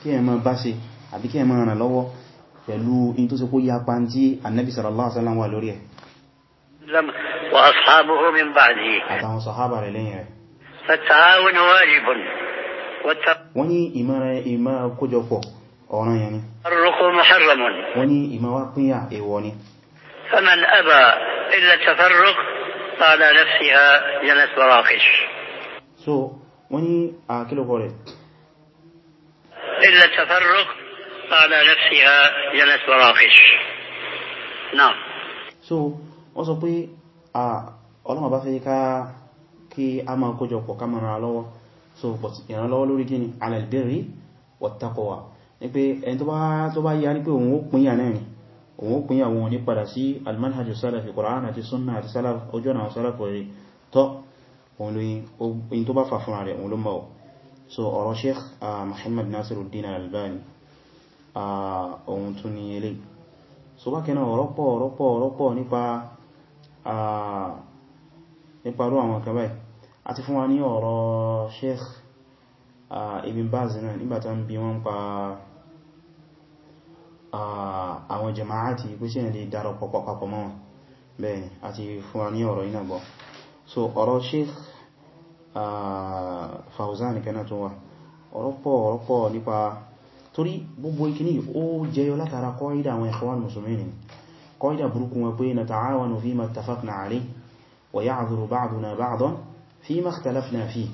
kíyàn máa bá ṣe àbí kíyàn máa ràn lọ́wọ́ pẹ̀lú in tó sì kó ya pàntí annabi sallallahu alaihi wa sallam wà lórí ẹ̀ wa ashabuhu min ba'dihi àtàwọn sàhábà rẹ̀ lẹ́yìn rẹ̀ at-ta'awun wajibun wọ́n ní ìmára ìmá kójọpọ̀ ọ̀ràn yẹn wọ́n ní ìmá pínyà èèwọ̀ ni faman aba illa tafarruq على نفسها جنس براقش so وني أكله قولي إلا التفرق على نفسها جنس براقش نعم so wọ́n sọ pé ọlọ́mà bá fẹ́ ká kí a máa kójọ pọ̀ ká mara lọ́wọ́ so but ìrànlọ́wọ́ lórí gíní alẹ́lẹ́bẹ̀rẹ̀ wọ̀tàkọwà ní pé ẹni tó bá yá ní pé òun ó pínyà náà òun pín àwọn ní padà sí almanhajjú salafi Qur'an àti sunna àti ojú ọ̀nà sálàfù rẹ̀ tọ́ òun tó bá fà rẹ̀ òun ló mọ̀ so ọ̀rọ̀ Sheikh Muhammad Nasiruddin Al-Albani ohun tún ní ilé so bákanáà ọ̀rọ̀pọ̀ ọ̀rọ̀pọ̀ ọ̀rọ̀pọ̀ nípa rú àwọn kan báyìí àti fún wa ní ọ̀rọ̀ Sheikh Ibn Baz náà nígbàtà ń bí wọ́n pa àwọn jama'ati pé ṣe lè darapọ̀ papọ̀ mọ́ wọn bẹ́ẹ̀ àti fún wa ní ọ̀rọ̀ iná so ọ̀rọ̀ Sheikh Fawzan kẹ́nà tó wà ọ̀rọ̀pọ̀ ọ̀rọ̀pọ̀ nípa torí gbogbo ikini ó jẹyọ látara kọ́ídà àwọn ikhwan muslimin kọ́ídà burúkú wọn pé nata'awanu fima ittafaqna alayhi wa ya'dhuru ba'duna ba'dan fima ikhtalafna fihi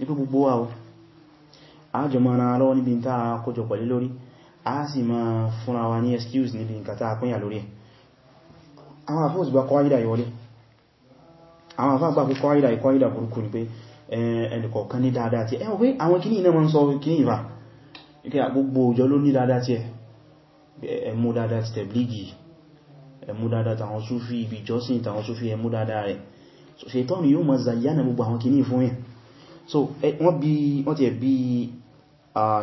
nípa gbogbo wa a sì máa fúnra wa ní excuse níbi nǹkan tá pínyà lórí ẹ̀ àwọn àfáà òsìgbà kọ́ídà ìwọlé àwọn àfáà gbà pé kọ́ídà ìkọ́ídà burúkú ni pé ẹnìkọ̀ọ̀kan ní dáadáa tí ẹ wọ́n àwọn kìíní iná ma ń sọ kìíní ìbá ikẹ́ àgbogbo òjò ló ní dáadáa tí ẹ ẹmú dáadáa ti tẹ̀blígì ẹmú dáadáa tàwọn súfí ibi jọ́sìn tàwọn súfí ẹmú so ṣe tọ́nù yóò mọ̀ zayyana gbogbo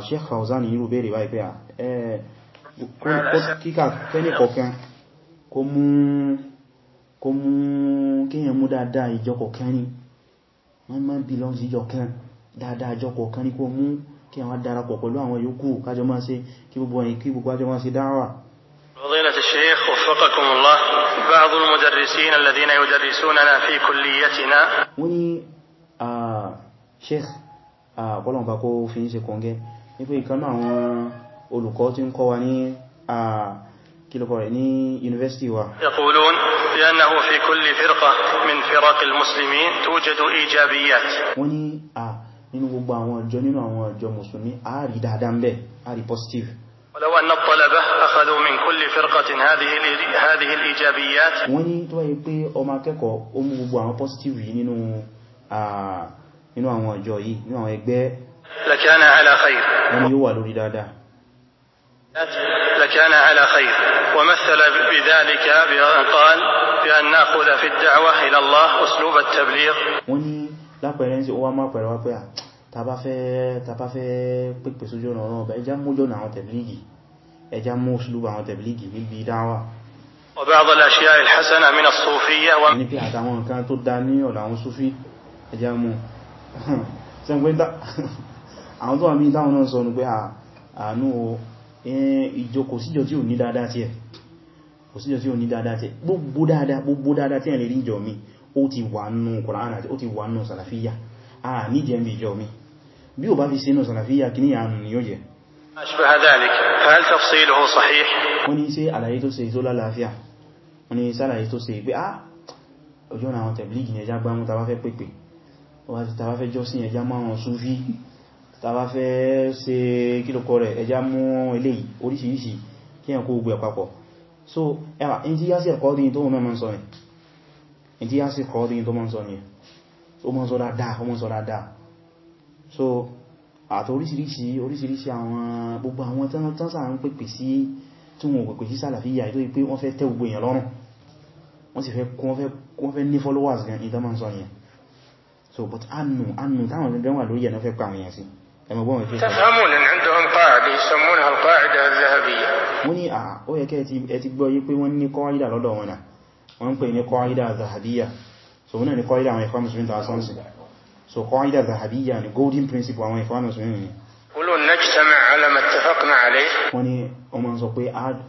Sheikh Fawzan yìí rúbẹ̀rẹ̀ wáyé pé kíkà kẹ́ni kọ̀kan kó mú kíyàn mú dáadáa ìjọ kọ̀kan ní wọ́n má belong sí ìjọ kan dáadáa ìjọ kọ̀kan ní kó mú kí àwọn darapọ̀ pẹ̀lú àwọn yòókù kájọ máa ṣe kí gbogbo ẹ̀yìn kí gbogbo ajọ máa ṣe dáwà فضيلة الشيخ وفقكم الله بعض المدرسين الذين يدرسوننا في كليتنا wọ́n ni sheikh àkọ́lọ̀n bá kó fi ń ṣe kọngẹ́ nípé ìkanú àwọn olùkọ́ tí ń kọ́ wa ní kílùkọ́ rẹ̀ ní yunifásitì wa wọ́n ní à nínú gbogbo àwọn ọjọ́ nínú àwọn ọjọ́ mùsùlùmí a rí dáadáa ń bẹ a rí positive ولو أن الطلبة أخذوا من كل فرقة هذه هذه الإيجابيات wọ́n ní tó wáyé pé ọmọ akẹ́kọ̀ọ́ ó mú gbogbo àwọn positive yìí nínú nínú àwọn ọjọ́ yìí nínú àwọn ẹgbẹ́ lakana ala khair ẹni yóò wà lórí dáadáa لكان على خير ومثل بذلك بأن قال بأن نأخذ في الدعوة إلى الله أسلوب التبليغ wọ́n ní lápẹẹrẹ ń sí ọwá máa pẹ̀rẹ̀ wá pé à tàbá fẹ́ pípẹ̀ sójú ọ̀nà ọ̀rọ̀ ọ̀bẹ̀ ẹjá mújọ́ àwọn tẹ̀blígì ẹjá mú òṣìlúbà àwọn tẹ̀blígì níbi dáwà وبعض الأشياء الحسنة من الصوفية [laughs] àwọn tó wà mí dáwọn náà sọ ní pé àánú ìjọ kò síjọ tí ò ní dáadáa tí ẹ̀ kò síjọ tí ò ní dáadáa tí ẹ̀ gbogbo dáadáa gbogbo dáadáa tí ẹ̀ lè rí ìjọ mi ó ti wà nù Kùránì àti ó ti wà nù sàlàfíyà a ní jẹ́ mi ìjọ mi bí ò bá fi sínú sàlàfíyà kí ní àánú ni yóò jẹ́ wọ́n ní ṣe àlàyé tó ṣe tó lálàáfíà wọ́n ní ṣàlàyé tó ṣe pé ah ọjọ́ àwọn tẹ̀blígì ní wọ́n ti tàbá fẹ́ jọ́sìn ẹja máa wọn súnfí tàbá fẹ́ ṣe kílòkọ rẹ̀ ẹja mú eléyìí oríṣiríṣi kí ẹ̀ kó gbogbo ẹ̀ papọ̀ so ẹwà in ti yásí ẹ̀kọ́ dín tó mọ́ sọ yẹn in ti yásí ẹ̀kọ́ dín tó mọ́ sọ yẹn ó mọ́ sọ dáadáa ó mọ́ sọ dáadáa so àti oríṣiríṣi oríṣiríṣi àwọn gbogbo àwọn tán sáà ń pèpè sí tí wọn ò pèpè sí sàlàfíyà tó pé wọ́n fẹ́ tẹ́ gbogbo èèyàn lọ́rùn wọ́n sì fẹ́ ní followers gan ìdámọ́ sọ yẹn so but annu annu táwọn gẹ́gẹ́ wà lórí ẹ̀nà fẹ́ pa àwọn èèyàn sí ẹmọ̀gbọ́n wọn fi wọ́n ni ó yẹ kẹ́ ẹ ti gbọ́ yí pé wọ́n ní kọ́ídà lọ́dọ̀ wọn náà wọ́n ń pè ní kọ́ídà zahabiyya so wọ́n náà ni kọ́ídà àwọn ẹ̀kọ́ musulmi tàà sọ́nsì so kọ́ídà zahabiyya ni golden principle àwọn ẹ̀kọ́ musulmi ni wọ́n ni ọmọ sọ pé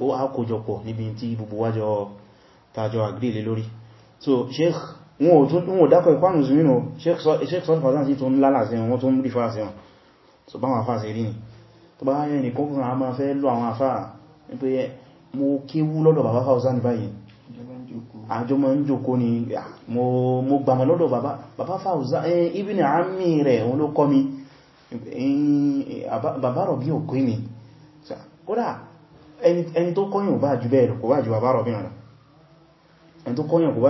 ó àkójọpọ̀ níbi tí gbogbo wájọ tàjọ àgbélé lórí so sheikh wọn ò dákọ̀ ìpánù sí nínú Sheikh Sọ́lù Fawzān sí tó ń lálà sí wọn tó ń rí fà sí wọn so bá wọn àfá sí rí ní tó bá yẹ́ nìkan fún àwọn afẹ́ lọ àwọn àfá wípé mo kéwú lọ́dọ̀ bàbá Fawzān báyìí àjọ ma ń jòkó ni mo gbàmà lọ́dọ̀ bàbá Fawzān ibn ammi rẹ̀ wọn ló kọ́ mi bàbá rọ̀ bí òkú mi kódà ẹni tó kọ́yìn ò bá jù bẹ́ẹ̀ lọ kò bá jù bàbá rọ̀ bí rọ̀ ẹni tó kọ́yàn kò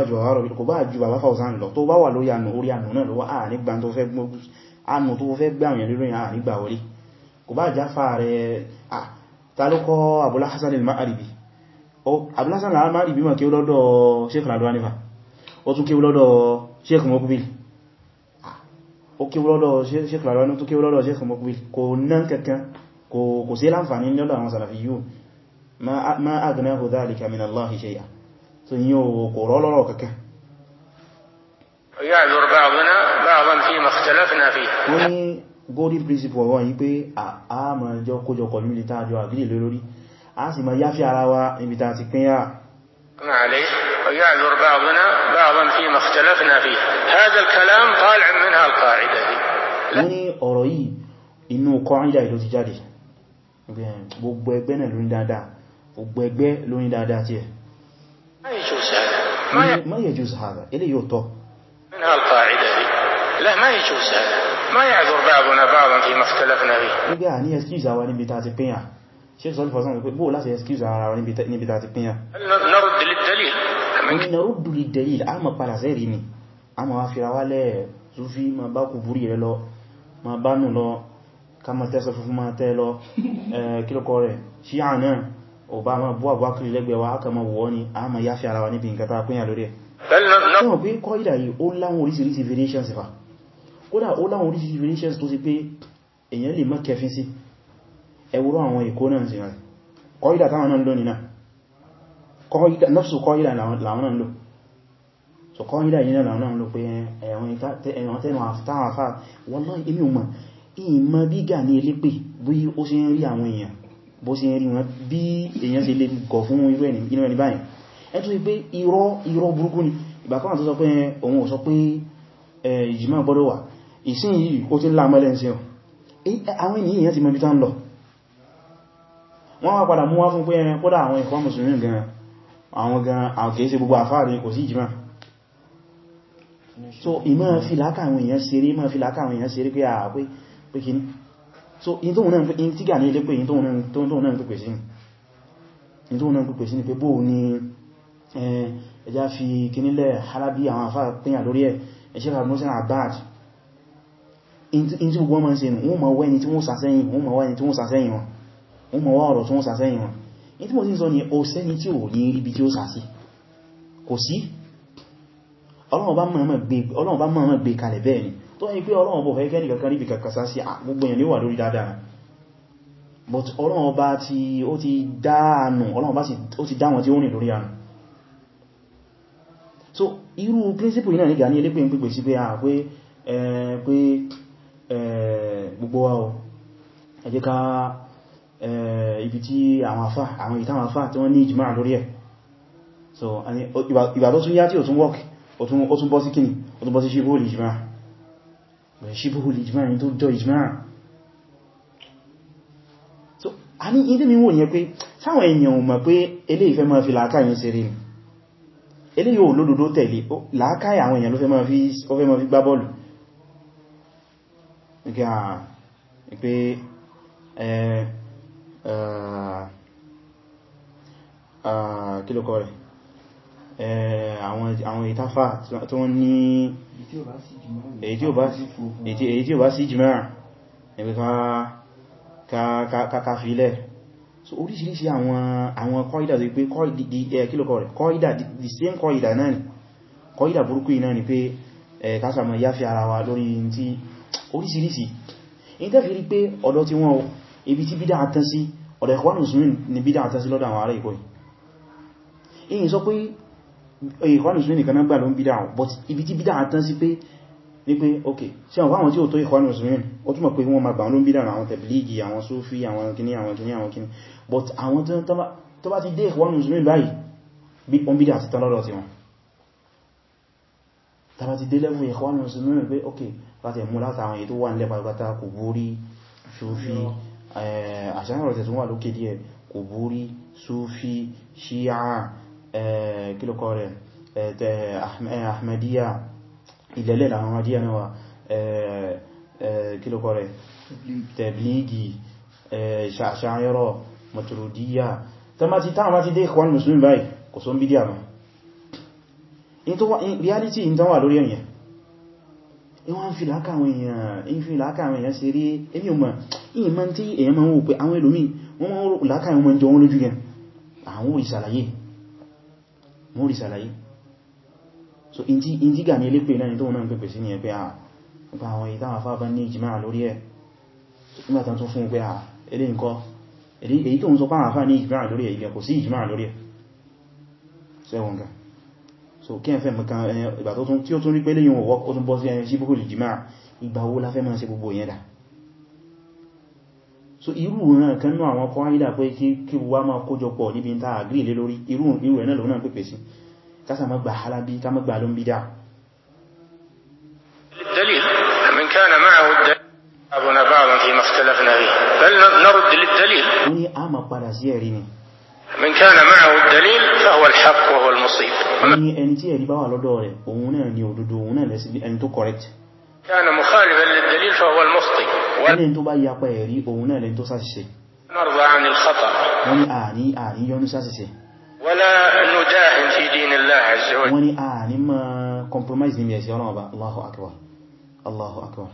bá jù bàbá fàúsán lọ tó bá wà lórí ànù orí ànù náà lọ́wọ́ àà nígbà tó fẹ́ gbáyàn lórí àà nígbà wọlé kò bá jáfà rẹ̀ à tálókọ́ Abul Hasan al-Ma'ribi Abul Hasan al-Ma'ribi mọ̀ kí ó lọ́dọ̀ Sheikh Al-Albani fa ó tún kí ó lọ́dọ̀ Sheikh Muqbil ó kí ó lọ́dọ̀ Sheikh Al-Albani tó kí ó lọ́dọ̀ Sheikh Muqbil kò ná ma aghnahu dhalika min Allahi shay'an so yíò kò rọ́lọ́rọ̀ kẹ́kẹ́ wọ́n ní golden principle wọ́n yí pé a ma jọ kójọ kọ̀ nílé tààjọ àgbìlè lórí a sì ma yáfí ara wa ibi ta ti pín بعضنا بعضا فيما اختلفنا فيه هذا الكلام طالع منها القاعدة دي wọ́n ní ọ̀rọ̀ yìí inú kọ́rídà ìlú ti jáde gbogbo ẹgbẹ́ náà lórí dáadáa gbogbo ẹgbẹ́ lórí dáadáa tí ẹ̀ ما يجوز هذا إلي يوتو منها القاعدة دي لا ما يجوز هذا ما يعذر بعضنا بعضا فيما اختلفنا فيه nígbà ní ẹskíza wa níbi tàti pínyà ṣe sọ nífọ̀ sánà pé bóò láti ẹskíza ara wa níbi tàti pínyà naruddu lid-dalil a ma padà sẹ́rì ni a ma wá fira wálẹ̀ sufi ma bá kù búrí rẹ lọ ma bá nù lọ ká ma tẹ́sọ fún ma tẹ́ lọ kílọkọ rẹ̀ ṣíyà náà ọba ma bú àbúwákìrì lẹ́gbẹ̀ẹ́ wa aka ma wọ́ ni a ma yáfẹ́ ara wa níbi nǹkan ta pínyà lórí ẹ̀ ṣọ́nà pé kọ́ ìdà yìí ó láwọn oríṣiríṣi variations fa kódà ó láwọn oríṣiríṣi variations tó sì pé èyàn lè mọ́ kẹfin sí ẹwúrọ àwọn èkó náà sí rẹ̀ kọ́ ìdà táwọn náà lò ní náà nọ́fṣù kọ́ ìdà làwọn náà lò so kọ́ ìdà yìí náà làwọn náà lò pé ẹ̀wọ̀n tẹ́nu àfáà bó ṣe rí wọn bí èyàn ṣe lè gọ̀ fún irú ẹni báyìí ẹ̀tù pé irọ́ irọ́ burúkú ni ìbàkọ́wà tó sọ pé òun ò sọ pé ìjìmá gbọ́dọ̀ wà ìsìn yìí ó ti lámẹ́lẹ̀ ń sẹ́ọ̀ àwọn ènìyàn ti mọ̀ bí tán lọ wọ́n wá padà mú wá fún pé ẹran kódà àwọn ìkọ́ mùsùlùmí gan àwọn gan àwọn kìí ṣe gbogbo àfáàrí kò sí ìjìmá so ìmọ̀ fi lákàwọn èèyàn ṣeré pé àà pé kìí so in tó náà in tí gà ní ilé pé in tó náà pípẹ̀ sí in ni pé bóò ni ẹjá fi kínílẹ̀ halabi àwọn afá pínyà lórí ẹ̀ ẹ̀ṣẹ́ ramọ́sán abad in tí gbogbo ọmọ ṣe wọ́n ma wẹ́ni tí wọ́n sàṣẹ́yìn wọ́n ma wẹ́ni tí wọ́n sàṣẹ́yìn wọn wọ́n ma wá ọ̀rọ̀ tí wọ́n sàṣẹ́yìn wọn in tí mo ti sọ ni o sẹ́ni tí ò ní ibi tí ó sàṣí kò sí Ọlọ́run bá mọ̀ọ́mọ̀ gbé kalẹ̀ bẹ́ẹ̀ ni tó yí pé ọlọ́run bó fẹ́ kẹ́ni kankan níbi kàkàsá sí gbogbo èèyàn níwà lórí dáadáa but ọlọ́run bá ti ó ti dáànù ọlọ́run bá ti dáwọn tí ó rìn lórí ànù so irú principle yìí náà ní gani elépè ń pípè sí pé a pé pé gbogbo wa o ẹ jẹ́ ká ibi tí àwọn afá àwọn afá tí wọ́n ní ìjìmá lórí ẹ̀ so ìgbà tó tún yá tí ò tún wọ́k ó tún bọ́ sí kíni ó tún bọ́ sí ṣíbó ìjìmá ṣíbùhù ìjìmáà ní tó jọ ìjìmáà so a ní ilé mi wò yẹ pé sáwọn èèyàn mọ̀ pé ilé ìfẹ́ máa fi làákàyè ṣe rí ni ilé yóò lódòdó tẹ̀lé làákàyè àwọn èèyàn ló fẹ́ máa fi gbá bọ́ọ̀lù kí àwọn ìtafà tó wọ́n ní èyí tí ó bá sí jìmáà ẹgbẹ́ ká fi ilẹ̀ so oríṣiríṣi àwọn kọ́ìdà tó pé kílòkọ́ rẹ̀ kọ́ìdà the same kọ́ìdà náà ni kọ́ìdà burúkú iná ni pé kásàmọ̀ yá fi ara wa lórí tí oríṣiríṣi in tẹ́ fi rí pé ọ̀dọ̀ tí wọ́n ibi tí bídá àtẹ́ ni bídá àtẹ́ sí lọ́dọ̀ àwọn ará ìkọ́nù eh, súnmí nìkan náà gbà ló ń bídá wọn but ibi tí bídá àtán sí pé ní pé ok tí àwọn àwọn tí ó tó ìkọ́nù súnmí ó túnmọ̀ pé wọ́n ma bà ló ń bídá àwọn tẹ̀blígì àwọn súfí àwọn kìní àwọn kìní but àwọn tó bá ti dé ìkọ́nù súnmí báyìí bí wọ́n bídá àti tán lọ́dọ̀ tí wọn tàbá ti dé lẹ́fù ìkọ́nù súnmí pé ok láti mú látàwọn èyí tó wà nílẹ̀ pàtàkì kò bórí súfí àṣánà rẹ̀ tẹ̀ Eh, kílùkọ́ rẹ̀ eh, eh, ahmadiyya ilẹ̀lẹ̀ àwọn ahmadiyya náà wà kílùkọ́ rẹ̀ tẹ̀blígì ṣàṣàyọ́rọ̀ maturidiyya ta ma ti ta ma ti dé kwan musulmi báyìí kò sọ ń bídíà ma reality in tán wà lórí ẹ̀yẹn ìwọ́n fi lákàwọn èèyàn sí rí èmi o mọ̀ ìyìn mọ́ tí èèyàn máa ń wò pé àwọn ẹlòmíì wọ́n máa ń lákàwọn ọmọ ìjọ wọn lójú yẹn àwọn ìsàlàyé wọ́n rí sàlàyé so in tí gà ní ilé pè náà ni tó náà ń pèpè sí ní ẹgbẹ́ àpá àwọn ìta àwọn afábá ní ìjìmá lórí ẹ̀ nígbàtà tó fún ẹgbẹ́ ẹlé nǹkan èyí tó ń sọ páwọn afá ní ìjìmá lórí ẹ̀ ilẹ̀ kò sí ìjìmá lórí ẹ̀ sẹ́wọ̀n gan so kí ẹ fẹ́ mọ̀kan ìgbà tó tún tí ó tún rí pé léyìn òwọ́ ó tún bọ́ sí ẹni sí gbogbo ìjìmá ìgbà so irú ìran kan náà àwọn kọ́ áìdà pé kí wá máa kójọpọ̀ níbi ta àgbí ilé lórí irú ìrẹ̀ náà lónà pèpè sí kásà mọ́gbà halabi ká mọ́gbà ló ń bídá wọ́n ni a ma padà sí ẹ̀rí ni من كان معه الدليل فهو الحق وهو المصيب ni en tí ẹ̀rí bá wà lọ́dọ̀ rẹ̀ òun náà ni òdodo òun náà lẹ́sí ẹni tó correct كان مخالفا للدليل فهو المخطئ wọ́n ní tó bá yapa ẹ̀rí òun náà lẹ́n tó sáṣìṣe wọ́n ní ààrin ààrin yọnú sáṣìṣe wọ́n ní ààrin ma compromise ní ẹ̀sẹ̀ ọ̀rọ̀ ọba Allahu akbar Allahu akbar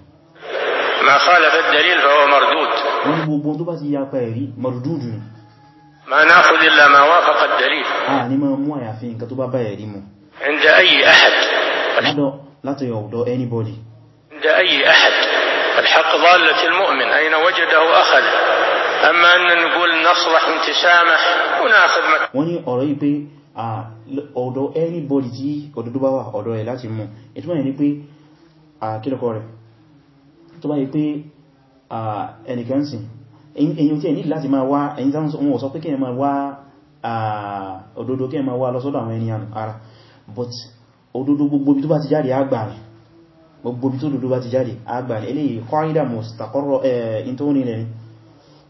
ma khalafa ad-dalil fa huwa mardud wọ́n ní gbogbo tó bá ti yapa ẹ̀rí mardud ni ma na'khudh illa ma wafaqa ad-dalil ààrin ma mú àyàfi nǹkan tó bá bá ẹ̀rí mu inda anybody inda ayi ahad حق ضالة المؤمن أين وجده أخذ أما أن نقول نصلح ونتسامح وناخذ ما وني أريبي ọ̀dọ̀ anybody tí òdòdó ọ̀dọ̀ ẹ̀ láti mú ìtumọ̀ ẹ̀ pé àkílọ̀kọ́ rẹ̀ tó bá yí pé ẹnìkan sí tí ẹ̀ láti máa wá ẹ̀yìn tán wọ́n sọ pé kí ẹ máa wá òdòdó gbogbo bí tó dúdú bá ti jáde àgbà eléyìí kọ́ídà mọ̀sítàkọ́rọ̀ ẹ̀yìn tó nílẹ̀ ni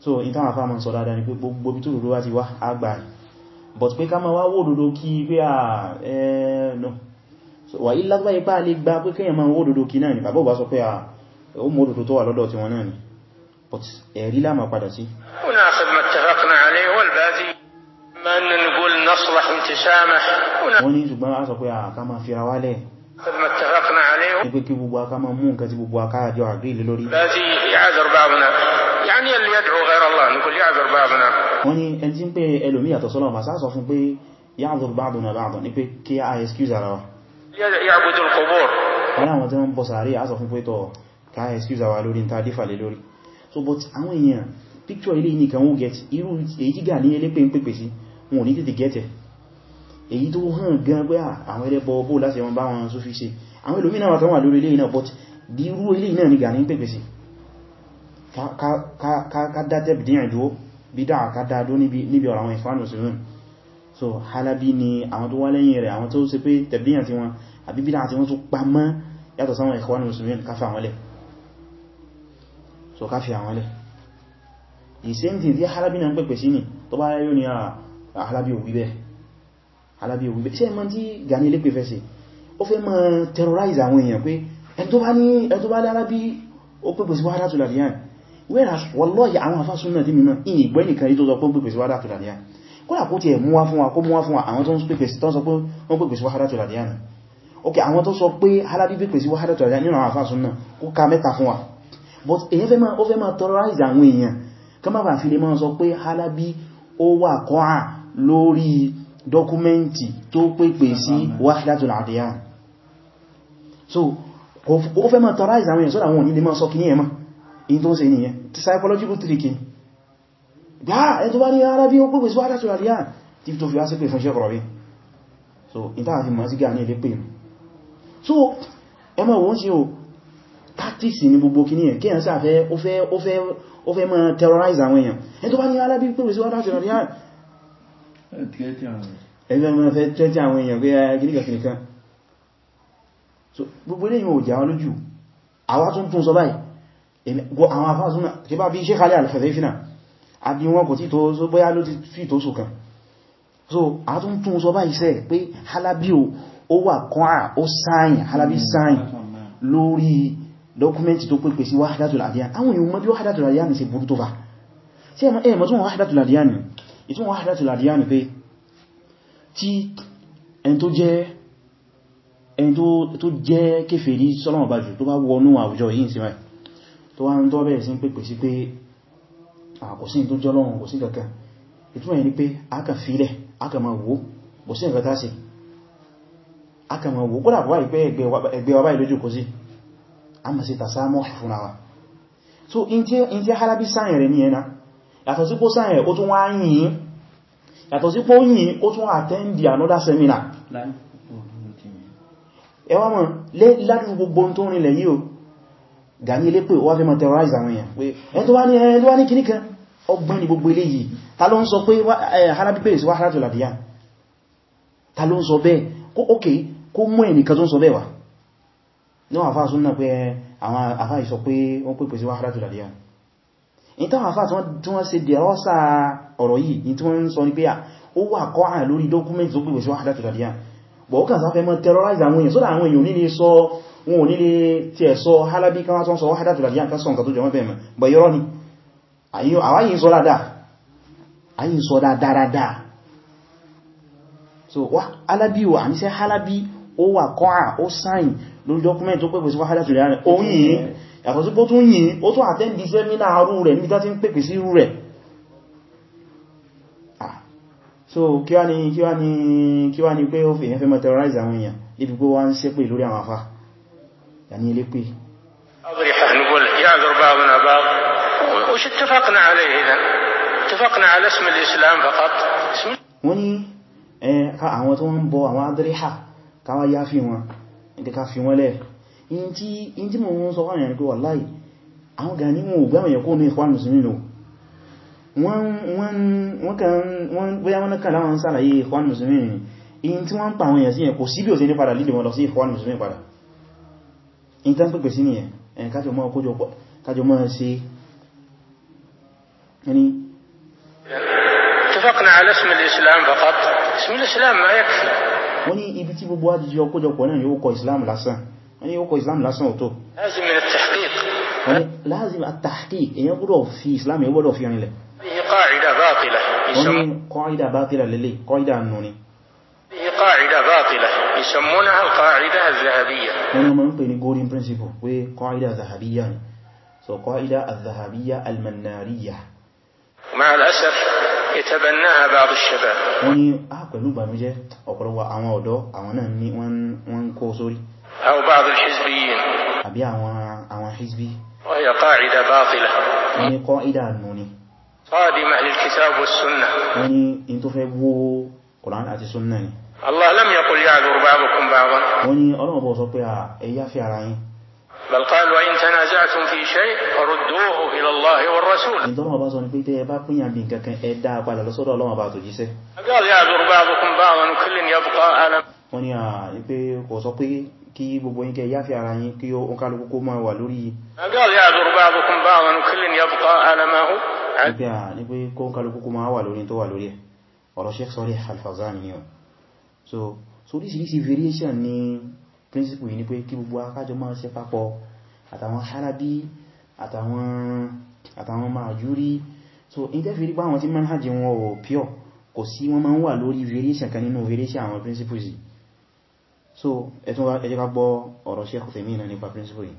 so in táwọn sọ dáadáa ni pé gbogbo bí tó dúdú bá ti wá àgbà but pé ká ma wá wó kí pé à ẹ̀ẹ̀nà wà ilá gbá ipá lè gbá pé kéèyàn ma wó kí náà ni bàbá bá sọ pé à ó mọ́ dúdú náà ni wípé kí gbogbo aká máa mú nǹkan tí gbogbo aká àjọ àgbélé lórí wọ́n ní ẹni tí ń pé ẹlòmí àtọ̀ sọ́lọ́ ma sáà sọ fún pé ya'dhur ba'duna ba'dan ní pé kí a excuse ara wa wọ́n àwọn tí wọ́n bọ̀ sàárì a sọ fún pé tọ́ ká excuse ara lórí ta dífà lé lórí so but àwọn èèyàn picture ilé yìí kan wọ́n get irú èyí gíga ní elépè ń pèpè sí wọn ò ní tètè gẹ́tẹ̀ èyí tó hàn gan pé àwọn ẹlẹ́bọ̀ bó láti wọn bá wọn sófí ṣe àwọn ìlúmínà wà tán wà lórí ilé iná but bí irú ilé iná ni gàní pèpè sí ká dátẹ́ díyàn jùó bí dáa ká dáadó níbi ọ̀rọ̀ àwọn ìfánù sílùn so halabi ni àwọn tó wá lẹ́yìn rẹ̀ àwọn tó ṣe pé tẹ̀bíyàn tí tí wọ́n tún pa so halabi na ń pẹ̀pẹ̀ ni tó bá yóò ní ah, ó fẹ́ mọ́ terrorize àwọn èèyàn pé ẹni tó bá lára bí ó pẹ́pẹ́ sí wádá tùlàdíyàn whereas wallahi àwọn afásúnnà tí mímọ̀ ìyìn ìgbẹ́ nìkan yí tó sọ pẹ́pẹ́ sí wádá tùlàdíyàn kódà kó ti ẹ̀ mú wá fún wa kó mú wá halabi pẹ́pẹ́ sí wádá tùlàdíyàn nínú àwọn afásúnnà kó but èyàn fẹ́ máa ó terrorize àwọn èèyàn kan bá bá fi lè halabi ó wà kọ́ à lórí dọ́kúmẹ́ntì tó pẹ́pẹ́ sí wádá tùlàdíyàn so ó fẹ́ máa tọ́ráìsì àwọn èèyàn sọ́dá àwọn òní lè máa sọ kí ní ẹ̀mọ́ in tó ń ṣe nìyẹn ti psychological trick ni gbá ẹ̀tọ́ bá ní ara bí ó pèpè sí wádá tọ́rọ àríyàn tí tó fi á sí pé fún ṣẹ́kọ̀rọ̀ rí so in tàà fi máa sí gáà ní ilé pè so ẹmọ òun sí o tactics ni gbogbo kí ní ẹ̀ kíyàn sí àfẹ́ ó fẹ́ máa terrorize àwọn èèyàn ẹ̀tọ́ bá ní ara bí pèpè sí wádá tọ́rọ àríyàn ẹgbẹ́ mọ́ fẹ́ tẹ́tí àwọn èèyàn pé ah, kìníkà kìníkà so gbogbo ilé yíò jà wọn lójú àwa tún tún sọ báyìí àwọn afáàsúnà kí bá bí iṣẹ́ kalẹ̀ alfẹ̀fẹ́fìnà àbí wọn kò tí tó só bóyá ló ti fi tó sùkàn so a tún tún sọ báyìí sẹ́ pé halabi ó wà kan à ó sáyìn halabi sáyìn lórí dọ́kúmẹ́ntì tó pèpè sí wahdatul adiyan àwọn èèyàn mọ̀ bí wahdatul adiyan ní ṣe burú tó fa sí ẹmọ tún wahdatul adiyan ní ìtún wahdatul adiyan ní pé tí ẹn tó jẹ́ ẹni tó jẹ́ kéfèrí sọ́lọ́wọ́ bá jù tó bá wọnú àwùjọ yìí sí mẹ́ tó wá ń tọ́ bẹ̀rẹ̀ sí pèpè sí pé àkòsí tó jọ lọ́wọ́ kò sí kankan ìtumọ̀ yìí ni pé aka filẹ̀ aka ma wo kò sí nǹkan tásì aka ma wo kódà wà ìpẹ́ ẹgbẹ́ wa báyìí lójú kò sí a ma sí tasámọ́ fún wa so in tí halabi sáyẹ̀ rẹ̀ ní ẹna yàtọ̀ sí pó sáyẹ̀ ó tún wá yìnyìn yàtọ̀ sí pó yìnyìn ó tún attend another seminar ẹwà mọ̀ láti gbogbo tó rinlẹ̀ yìí o Gani ilé pé wá fẹ́ mọ̀ terrorize àwọn èèyàn pé ẹni tó wá ní kìníkà ọgbọ́n ni gbogbo ilé yìí ta ló ń sọ pé harabi pé ìsíwá harabi labiya ta ló ń sọ bẹ́ẹ̀ kó ókè kó mú ẹnìkan tó ń sọ bẹ́ẹ̀ wá náà àfáà sún náà pé àwọn àfáà ìsọ pé wọ́n pè pèsè wá harabi labiya bọ̀ sáfẹ́ mọ́ terrorize àwọn èèyàn sódà àwọn èèyàn nílé sọ wọn ò nílé tí ẹ̀ sọ halabi kan wọ́n sọ hadatul kan sọ nǹkan tó jọ mọ́ bẹ̀rẹ̀ bọ̀ ni àwáyìn sọ dáadáa àyìn sí wá ó tún yìn ó tún àtẹ́ndì sẹ́mínà arú rẹ̀ níbi ń pẹ̀pẹ̀ sí irú rẹ̀ so kí wá ní kí wá ní kí wá ní pé ó fi ẹ̀fẹ́ materialize àwọn èèyàn ibi gbó wá ń ṣe pè lórí àwọn afá yàní ilé pè wọ́n ní àwọn tó ń bọ àwọn adríhà káwà yá fi wọn ìdí ká fi wọ́n lẹ́ in tí mo ń sọ wọ́n yàn ní wà láì àwọn gani wọn ò kó ní ìkwánù sí nínú wọ́n kàn láwọn sàlàyé Ikhwan Muslimin ni in tí wọ́n ń pa àwọn èèyàn sí yẹn kò sí bí ò sí ní padà lílè wọn lọ sí Ikhwan Muslimin padà in tán pẹ̀pẹ̀ sí nìyẹn ẹ̀yìn kájọ mọ́ sí ẹni wọ́n ní ibi tí gbogbo àjíjọ kójọpọ̀ náà yóò kọ Islam lásán wọ́n ní yóò kọ Islam lásán ò tó láàzim at-tahqiq èyàn gbọ́dọ̀ fi Islam yóò gbọ́dọ̀ fi rìnlẹ̀ قاعدة باطلة يسمون قاعدة باطلة للي قاعدة النوني هذه قاعدة باطلة يسمونها القاعدة الذهبية هنا ما يمكن golden برنسيبو وي قاعدة ذهبية سو قاعدة الذهبية المنارية ومع الأسف يتبناها بعض الشباب أقروا أما ودو أما نمي وان, وان كوسوري أو بعض الحزبيين أبي أما حزبي وهي قاعدة باطلة يعني قاعدة قادمة للكتاب والسنة وني انتو فيبو قرآن àti sunna ni Allah lam yaqul ya'dhur ba'dukum ba'dan woni Ọlọ́run bó sọ pé ah ẹ yá fi ara yín bal qalu in tanaza'tum fi shay' farudduhu ila Allah war rasul in Ọlọ́run bá sọ ní pé tẹ́ bá pín yan bí nǹkan kan ẹ dá padà lọ sọ́dọ̀ Ọlọ́run bá tó jíṣẹ́ qal ya'dhur ba'dukum ba'dan kullun yabqa ala woni ah pé kò sọ pé kí gbogbo yín kẹ́ yá fi ara yín kí ó kálukú kó máa wà lórí qal ya'dhur ba'dukum ba'dan kullun yabqa ala ma huwa pé à ní pé kó ń kálukú kó máa wà lórí tó wà lórí ẹ̀ ọ̀rọ̀ Sheikh Salih al ni o so so oríṣiríṣi variation ni principle yìí ni pé kí gbogbo akájọ máa ṣe papọ̀ àtàwọn halabi àtàwọn àtàwọn Màjúrí so in tẹ́ fi rí pé àwọn tí manhaj wọn ò pure kò sí wọ́n máa ń wà lórí variation kan nínú variation àwọn principles yìí so ẹ̀tún ẹ jẹ́ ká gbọ́ ọ̀rọ̀ Sheikh Uthaymeen nípa principle yìí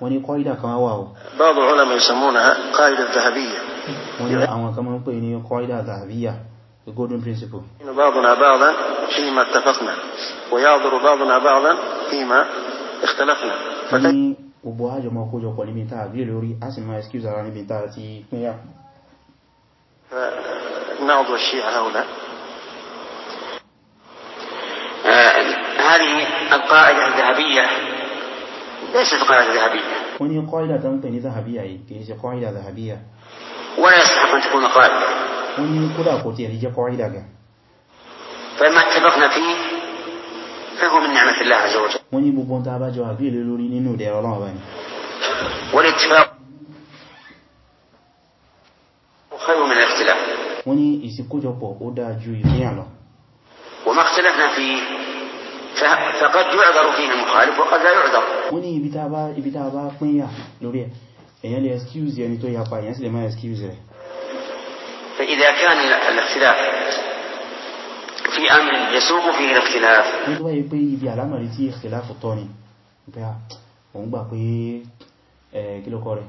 وني قاعدة كما واو بعض العلماء يسمونها قايده ذهبية أما كما نقول قايده ذهبية the golden principle بعضنا بعضا فيما اتفقنا ويعذر بعضنا بعضا فيما اختلفنا فكي gbogbo ajọ ma kójọ pọ̀ níbi tàà gílè lórí a sì máa excuse ara níbi tàà ti pínyà نعض الشيعة هؤلاء هذه القاعدة الذهبية ليس قاعدة ذهبية وني قاعدة تنقني ذهبية كيس قاعدة ذهبية ولا يستحق أن تكون قاعدة وني كلا قوتي هي قاعدة فما اتفقنا فيه فهو من نعمة الله عز وجل وني بوبون تابا جوابي للوري نينو دير الله باني والاتفاق خير من الاختلاف وني يسكوجو بو اودا جو يميالو وما اختلفنا فيه فقد يعذر فيه المخالف وقد لا يعذر wọ́n ní ibi tàbá ibi tàbá pín yà lórí ẹ̀ èyàn lè excuse ẹni tó yapa èyàn sì lè máa excuse rẹ̀ فإذا كان الاختلاف في أمر يسوق فيه الاختلاف nígbà wáyé pé ibi àlámọ̀rí tí اختلاف tọ́ ni pé à òun gbà pé kí ló kọ́ rẹ̀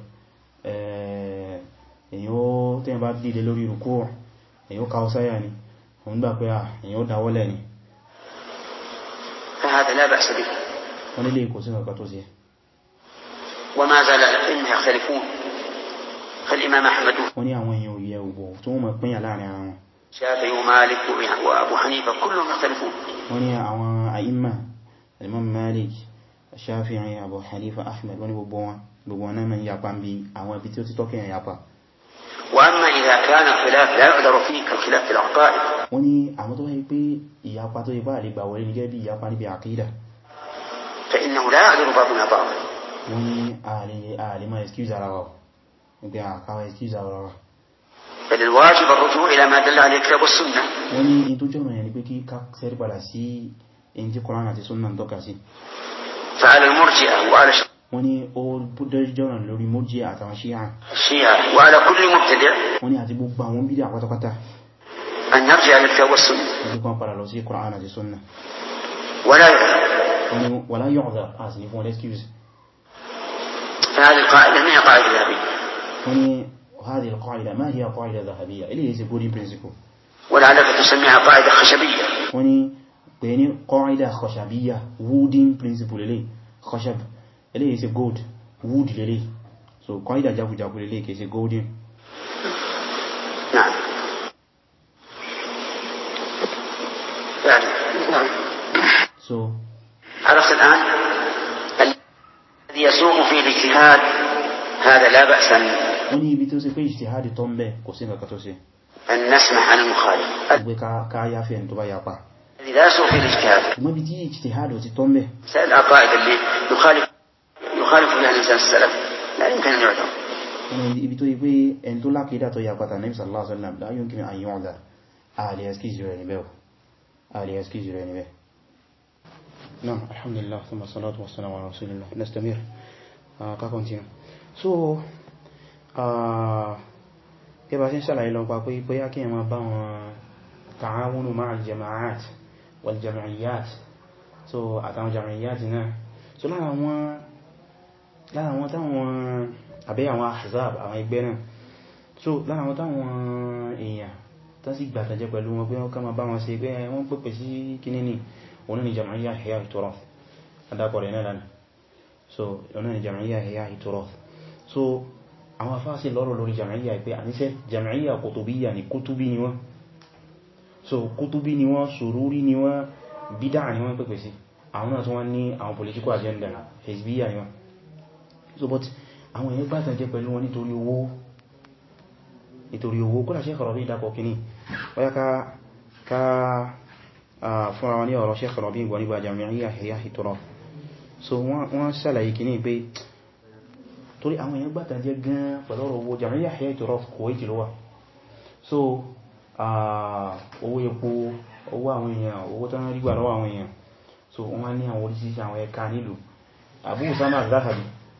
èyàn ó tẹ́yìn bá dìde lórí rùkú èyàn ó káwọ́ sáyà ni òun gbà pé à èyàn ó dáwọ́lẹ̀ ni فهذا لا بأس به وما زال العلم يختلفون فالإمام أحمد شافعي ومالك وأبو حنيفة كلهم يختلفون الإمام مالك الشافعي أبو حنيفة أحمد وني بوبوان بوبوان من يابان بي أو بيتيو تتوكي يابان وأما إذا كان الخلاف لا يعذر فيه كالخلاف في العقائد wọ́n ní àwọn tó wáyé pé ìyapa tó ipá àlègbà wọlé ní gẹ́bí ìyapa níbi àkídà فإنه لا يعذر بعضنا بعضا wọ́n ní àlèmọ́ excuse ara wa nígbà àkàwà excuse ara wa بل الواجب الرجوع إلى ما دل عليه الكتاب والسنة wọ́n ní in tó jọ́nà yẹn ni pé kí ká sẹ́rí padà sí in tí Kùránì àti Sunnah ń tọ́ka sí فعلى المرجئة وعلى wọ́n ní ó dẹ́jọ́ rẹ̀ lórí mọ́jíà àtàwọn ṣíyà wa ala kulli mubtadi' wọ́n ní àti gbogbo àwọn bídí àpátápátá an yarji'a lil kitab was sunnah ìdíkan padà lọ sí Qur'an àti sunna wala yu'dhar a sì ní fún excuse wọ́n ní هذه القاعدة ما هي قاعدة ذهبية إليه يقول برنسيكو ولعلك تسميها قاعدة خشبية وني قاعدة خشبية wooden principle إليه خشب eléyìí ṣe gold wood lélẹ̀ so kọ́ídà jákújákú lélẹ̀ kìí ṣe golden so الذي يسوق في الاجتهاد هذا لا بأس wọ́n ní ibi tó ṣe pé ìṣtìhádì tó ń bẹ kò sí nǹkan tó ṣe أن نسمح عن المخالف gbé ká yáfẹ́ ẹni tó bá yapa ìdásùn fi الاجتهاد tó ń bẹ سأل عقائد اللي يخالف يخالف منهج السلف لا يمكن أن يعذر ibi tó yí pé ẹni tó lákìídà tó yà pàtà nẹ́bí sallallahu alaihi wasallam láyún kí ni a yíò ọ̀dá ààlẹ̀ ẹ̀skìsì rẹ̀ níbẹ̀ ààlẹ̀ ẹ̀skìsì rẹ̀ níbẹ̀ náà alhamdulillah thumma salatu wassalamu ala rasulillah nastamir ká continue so ẹba sí sàlàyé lọ pàpé bóyá kí ẹmà bá wọn ta'awunu ma'al jama'at wal jam'iyyat so àtàwọn jam'iyyat náà so lára wọn lára àwọn táwọn àbẹ́ àwọn ahzab àwọn ẹgbẹ́ náà so lára àwọn táwọn èèyàn tán sì gbàtàjẹ pẹ̀lú wọn pé wọ́n ká ma bá wọn ṣe pé wọ́n pẹ̀pẹ̀ sí kíní ni òun ni jam'iyya ihya al-turath adápọ̀rẹ̀ náà lánàá so òun ni jam'iyya ihya so àwọn afáàsì lọ́rọ̀ lórí jam'iyya pé àníṣẹ́ jam'iyya kutubiyya ni kútúbí ni so kútúbí ni sururi ni wọ́n bídà ni wọ́n pẹ̀pẹ̀ sí àwọn agenda hezbiyya ni wọ́n so but àwọn èèyàn gbàtàn jẹ pẹ̀lú wọn nítorí owó nítorí owó kọ́lá Sheikh Rabi dákọ̀ kìíní ọya ká fún àwọn ní ọ̀rọ̀ Sheikh Rabi gbọ́ nígbà Jami'iyya Ihya so wọ́n sàlàyé kìíní pé torí àwọn èèyàn gbàtàn jẹ gan pẹ̀lú ọ̀rọ̀ owó Jami'iyya Ihya Turaf Kuwait so owó epo owó àwọn èèyàn owó tán rí so wọ́n ní àwọn oríṣiríṣi nílùú Abu Usama Zahabi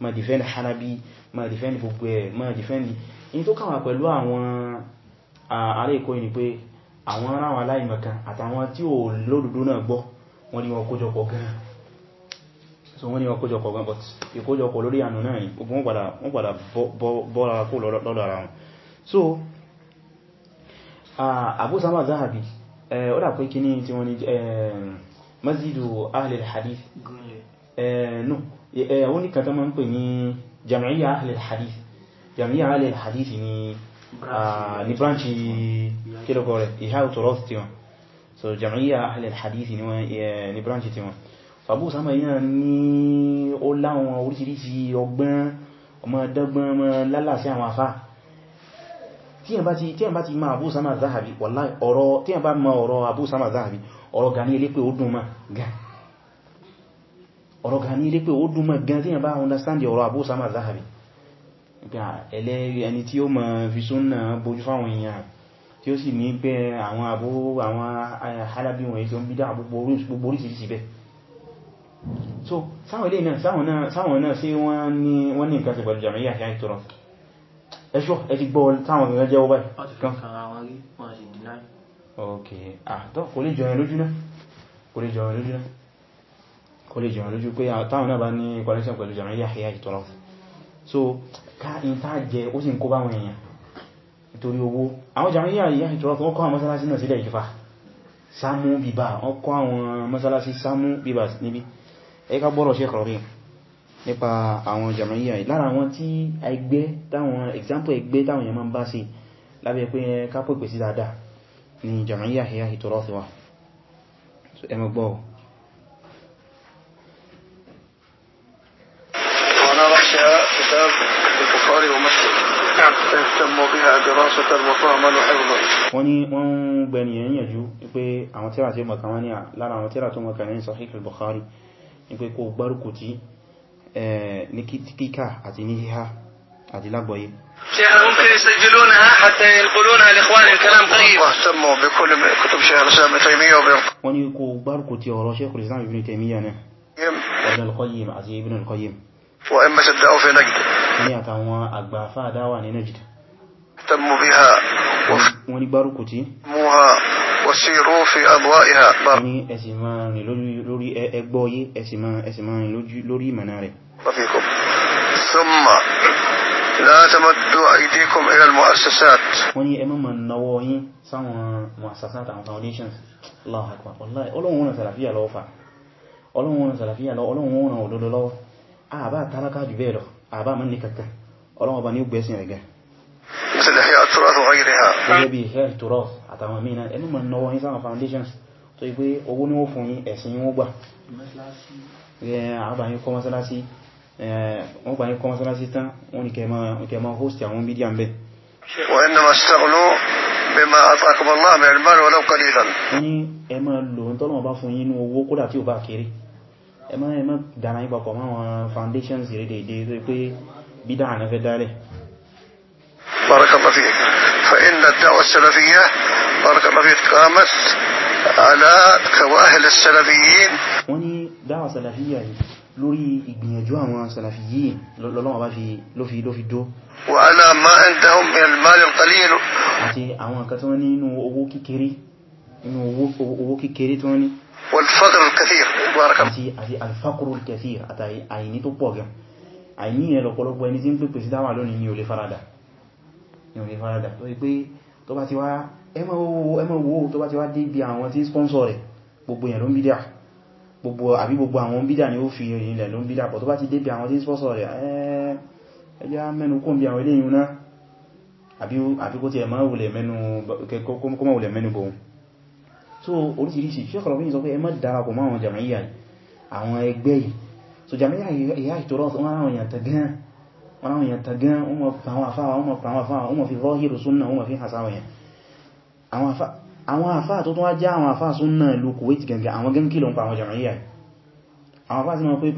ma defend hanabi ma defend gbogbo ẹ̀ ma defend in tó kàwà pẹ̀lú àwọn ará èkó ni pé àwọn aráwọn aláìmọ̀kan àtàwọn tí ò lódòdó náà gbọ́ wọ́n ni wọ́n kójọpọ̀ gan so wọ́n ni wọ́n kójọpọ̀ gan but ìkójọpọ̀ lórí ànù náà ni gbogbo wọ́n padà bọ́ra kó lọ́dọ̀ ara wọn so Abu Sama Zahabi ó dà pé kí ní tí wọ́n ni masjidu ahlil hadith no àwọn nìkan tó máa ń pè ní jam'iyya ahlil hadith jam'iyya ahlil hadith ni ní branchi kílọ̀kọ̀ rẹ̀ ìhá òtòrọ́sì tí wọn so jam'iyya ahlil hadith ni branchi tí wọn fàbú sáma yína ní ó láwọn oríṣiríṣi ọgbọ́n ọmọ dọ́gbọ́n ọmọ lálàsí àwọn afá tí yàn bá ti máa Abu Sama Zahabi ọ̀rọ̀ kan ní ilé pé ó dúnmọ̀ gan tí yàn bá understand ọ̀rọ̀ Abu Usama Zahabi ẹlẹ́ ẹni tí ó mọ̀ fi súnnà bójú fáwọn èèyàn tí ó sì ní pé àwọn àbó àwọn eh, Halabi wọ̀nyí tó ń bídá so sáwọn ilé náà sáwọn náà sí wọ́n ní nǹkan sí pẹ̀lú jàmíyà sí àìtọ́rọ̀ ẹṣọ́ ẹ ti gbọ́ táwọn ìrìnlẹ́ jẹ́ ok ah to kò lè jọyìn lójú náà kò lè jọyìn lójú náà ó lè jẹun lójú pé táwọn náà bá ní connection pẹ̀lú jẹun yà yà ìtọ́lọ́ so ká ìta jẹ ó sì ń kó báwọn èèyàn nítorí owó àwọn jẹun yà yà ìtọ́lọ́ wọ́n kọ́ àwọn mọ́sálásí náà sílẹ̀ ìfà sámú bíbá wọ́n kọ́ àwọn mọ́sálásí sámú bíbá níbi ẹka example ẹgbẹ́ táwọn èèyàn máa ń bá sí ká pèpè sí dáadáa ni jẹun yà yà ìtọ́lọ́ ti wà ẹmọ gbọ́ يهتم بها دراسة وفهما وحفظا wọ́n ní wọ́n ń gbẹni yẹn yẹ̀jú pé àwọn tíra tí mọ̀kà wọ́n ní lára àwọn tíra tó mọ̀kà ní Sahih al-Bukhari ní pé kó gbárùkù tí ní kíkà àti ní híhá àti lágbọ́yé ممكن يسجلونها حتى ينقلونها لإخوان الكلام طيب واهتموا بكل كتب شيخ الإسلام ابن تيمية wọ́n ní kó gbárùkù tí ọ̀rọ̀ Shaykh al-Islam Ibn Taymiyyah náà Ibn al-Qayyim àti Ibn al-Qayyim وإما تبدأوا في نجد ní àtàwọn àgbà fáadáwà ní Najd واهتموا بها ونبارك موها وسيروا في أضوائها وفيكم ثم لا تمدوا أيديكم إلى المؤسسات وني أمام النووين سوى مؤسسات عن فاونديشنز الله أكبر والله أولو هنا سلفية لوفا ọlọ́run wọn sàlàfíà lọ ọlọ́run wọn òdòdó lọ́wọ́ àbá tálákà jù bẹ́ẹ̀ lọ àbá mọ́ ní kàkà ọlọ́run ọba gẹ́gẹ́ bí health to rough àtàwọn mìíràn ẹni mọ̀ náwọ́ yí sáwọn foundations tó yí pé owó ní wọ́n fún yí ẹ̀sìn yí wọ́n gbà wọ́n gbà yí kọ́ mọ́sálásí tán wọ́n ni kẹma host àwọn mídíà mẹ́ wọ́n ni ẹ ma lò ń tọ́lọ̀ bá fún yí ní owó kódà tí ò bá kéré ẹ ma ẹ ma dára yí papọ̀ máwọn foundations rẹ̀ dèdè pé bídá àná fẹ́ dálẹ̀ barakallahu fik فإن الدعوة السلفية بارك الله فيك قامت على كواهل السلفيين وني دعوة سلفية لوري ابن جوان سلفيين لولو ابا في لوفي لوفي دو وعلى ما عندهم من المال القليل انتي اوان كاتوني نو اوو كيكيري نو اوو اوو كيكيري توني والفقر الكثير بارك الله انتي الفقر الكثير اتاي اي نيتو بوغم لو كولو بو اني سيمبل بريزيدان والو ني فرادا ìrìn ìfaradà tó pé tó bá ti wá ẹmọ̀wó tó bá ti wá dé bí àwọn tí sponsor rẹ̀ gbogbo èèyàn ló ń bídà gbogbo àbí gbogbo àwọn bídà ni ó fi ìrìnlẹ̀ ló ń bídà pọ̀ tó bá ti dé bí àwọn tí sponsor rẹ̀ ẹjá mẹ́nu kó bí àwọn eléyìn náà àbí kó ti ẹ̀mọ́ wulẹ̀ mẹ́nu bọ̀ so oríṣiríṣi ṣẹ́kọ̀ọ́ bí i sọ pé ẹ má darapọ̀ mọ́ àwọn jàmíyà àwọn ẹgbẹ́ yìí so jàmíyà ìyá ìtòrọ̀ àwọn èèyàn tẹ̀gán wọ́n láwọn èèyàn tàgán wọ́n mọ̀ pàwọn àfáà wọ́n mọ̀ pàwọn àfáà wọ́n mọ̀ fi zọ́hìrù súnnà wọ́n mọ̀ fi hàsáwọ̀ yẹn àwọn àfáà tó tún wá já àwọn àfáà súnnà ìlú Kuwait gangan àwọn gan kìlọ̀ ń pa àwọn jàmíyà àwọn àfáà sí mọ̀ pé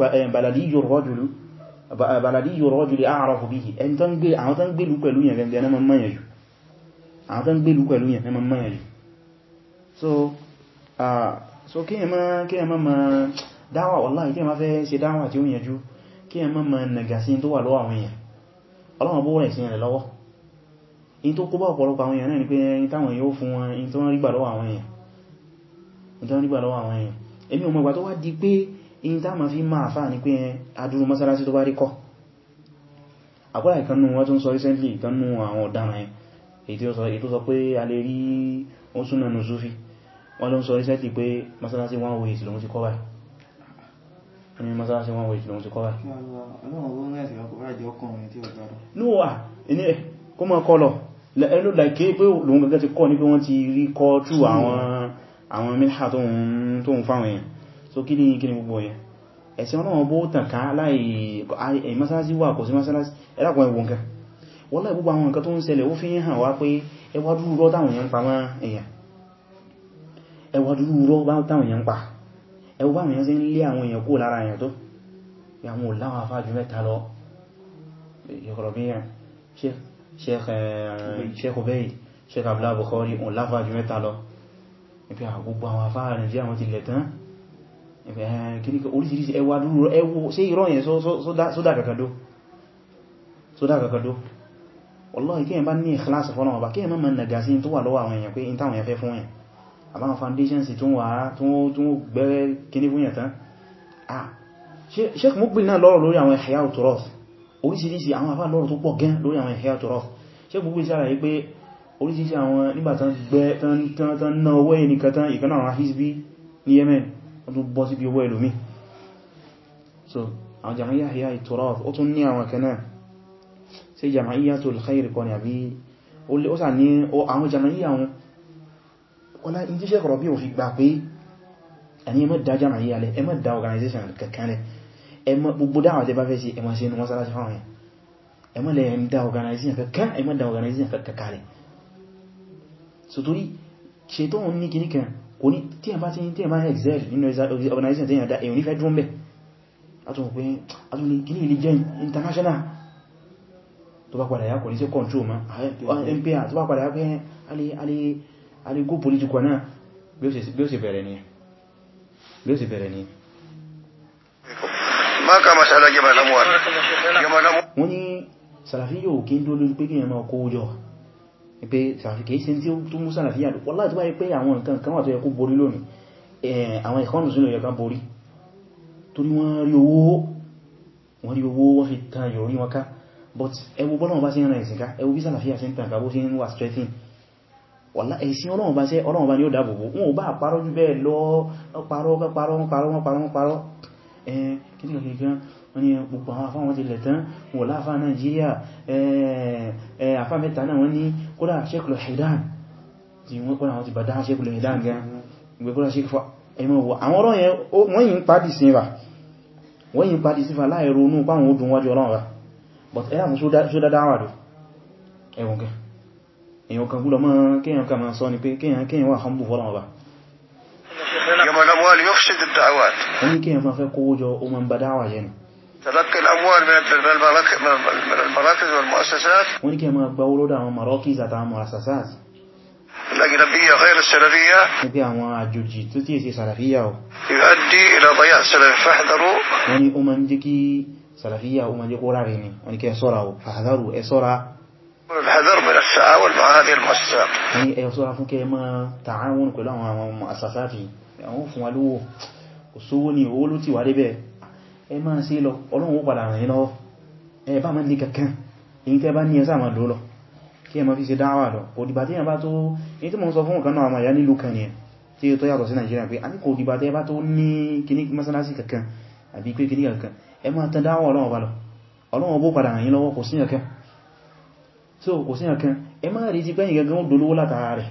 baladiyu rọ́jùlẹ̀ àárọ̀fù bí i ẹni tán gbé lú pẹ̀lú yẹn gangan náà mọ̀yàn jù so ah, kíyàn máa dáwà wallahi kíyàn máa fẹ́ ṣe dáwà tí ó yẹn jù kí ẹ mọ́ mọ́ nàgà sí tó wà lọ́wọ́ àwọn èèyàn ọlọ́wọ́ bó rẹ̀ sí ẹ̀rẹ̀ lọ́wọ́ in tó kó bá ọ̀pọ̀lọpọ̀ àwọn èèyàn náà ni pé ẹni táwọn yóò fún wọn in tó ń rígbà lọ́wọ́ àwọn èèyàn èmi ò mọ̀gbà tó wá di pé in tá ma fi máa fà ní pé adúrú mọ́sálásí tó bá rí kọ́ àpọ́lá ìkannu wọ́n tún sọ recently ìkannu àwọn ọ̀daràn ẹ̀ èyí tó sọ pé a lè rí oṣù one way ìsìlòmú ti kọ́ báyìí ní mọ́sánásí wọ́n wọ́n ìfìlọ́n ti kọ́ rẹ̀ ẹ̀sìn ọlọ́wọ́ bó tànká láì mọ́sánásí wà kò sí mọ́sánásí ẹ̀lápọ̀ ẹ̀wọ̀n kan wọ́n láì gbogbo àwọn nǹkan tó ń ṣẹlẹ̀ ó fi ń hàn wá pé ẹwà rọ́ táwọn èèyàn pa ẹwọ́ bá mìíràn sí ń lé àwọn èèyàn kó lára èèyàn tó yàwọn òláwọn afáàjú mẹ́ta lọ yọkọ̀rọ̀bíyàn Sheikh Ubaid eh, Sheikh Abdullah Bukhari òláfáàjú mẹ́ta lọ ìpé àgbogbo àwọn afáà Nàìjíríà wọn ti lẹ̀ tán ìpé kíníkà orísìírísìí ẹwà dúró ẹwọ sí ìrọ̀ yẹn sódà kàkàdó sódà kàkàdó wallahi kíyàn bá ní ìkìláàsì fọ́nà ọba kíyàn mọ́ mọ́ nàgásí tó wà lọ́wọ́ àwọn èèyàn pé in táwọn fún èèyàn àbáwọn foundations tó wà tó gbẹ́rẹ́ kíní fún yẹ̀tán Sheikh Muqbil náà lọ́rọ̀ lórí àwọn Ihya Turaf oríṣiríṣi àwọn àfá lọ́rọ̀ tó pọ̀ gan lórí àwọn Ihya Turaf Sheikh Muqbil sára pé oríṣiríṣi àwọn nígbàtán gbẹ́ ọlá in tí ṣe kọ̀rọ̀ bí o fi gbà pé ẹni ẹmọ́ dá jàmà yí alẹ́ ẹmọ́ dá organization kankanlẹ̀ ẹmọ́ gbogbo dáwà tẹ bá fẹ́ sí ẹmọ́ sí inú mọ́sálásí fáwọn yẹn ẹmọ́ lẹ ẹmọ́ dá organization kankan ẹmọ́ dá organization tó bá organization tẹ́yàn dá èyàn nífẹ́ dúnbẹ̀ àtúnlẹ̀ kìní international tó bá padà yá kò ní sí control ma mpa tó bá padà yá pé arigbó political náà bí ó sì bẹ̀rẹ̀ ni bí ó sì bẹ̀rẹ̀ ni wọ́n ní sàràfíyà ò kí ń dó lórí pé kí ẹ̀mọ́ kó jọ pé kìí sí tí ó mú sàràfíyà wọ́n láti báyé pé àwọn nǹkan kan wà tó yẹ kó borí lónìí àwọn ìkọ́nù sínú ìyọ̀ká borí torí wọ́n rí owó wọ́n rí owó wọ́n fi tan yọ̀rí wọn ká but ẹwọ bọ́lọ́wọ́ bá sí ẹran ìsìnká ẹwọ bí sàràfíyà sí ń tàn kàbó sí ń wà strengthening wọ́lá ẹ̀sìn ọlọ́run bá sẹ́ ọlọ́run bá ní ó dáàbòbò wọn ò bá parọ́ jù bẹ́ẹ̀ lọ parọ́ parọ́ parọ́ parọ́ parọ́ ẹ̀ẹ́ èyàn kan gúlọ ká máa sọ ní kíyàn ká máa sọ ni pé kíyàn kíyàn wà hàn bú fọ́lọ́wọ́ bá wọ́n ní kíyàn fẹ́ kówó jọ o máa ń badáwà yẹn wọ́n ní kíyàn máa gba olódà àwọn marokis àtàwọn asasas الأجنبية غير السلفية يؤدي إلى ضياع السلف فاحذروا يعني أمنجكي سلفية أمنجك وراريني ونكي صورة فاحذروا أي صورة الحذر نتعاون مع هذه المؤسسات اي يوصلها فún kẹ́ تعاون pẹ̀lú àwọn àwọn مؤسسات àwọn fún wa lówó osowo ni owó ló ti wà débẹ̀ ẹ máa ṣe lọ Ọlọ́run ó padà ràn yín lọ́wọ́ ẹ bá máa ní kankan èyí tẹ́ bá ní ẹ sáà máa lò lọ kí ẹ máa fi ṣe dáwà lọ kò dìbà tí ẹ bá tó èyí tí mo ń sọ fún ọ̀kan náà àmà ìyá nílùú kan ni ẹ tí ó tó yàtọ̀ sí Nàìjíríà pé a ní kò tí ẹ bá tó ní kíní mọ́sánásí kankan àbí pé kíní kankan ẹ máa tan dáwà Ọlọ́run padà ràn lọ́wọ́ kò sí kankan so kò sí ọ̀kan ẹ máa rí ti pẹ́yìn gẹ́gẹ́ wọ́n dolówó látara rẹ̀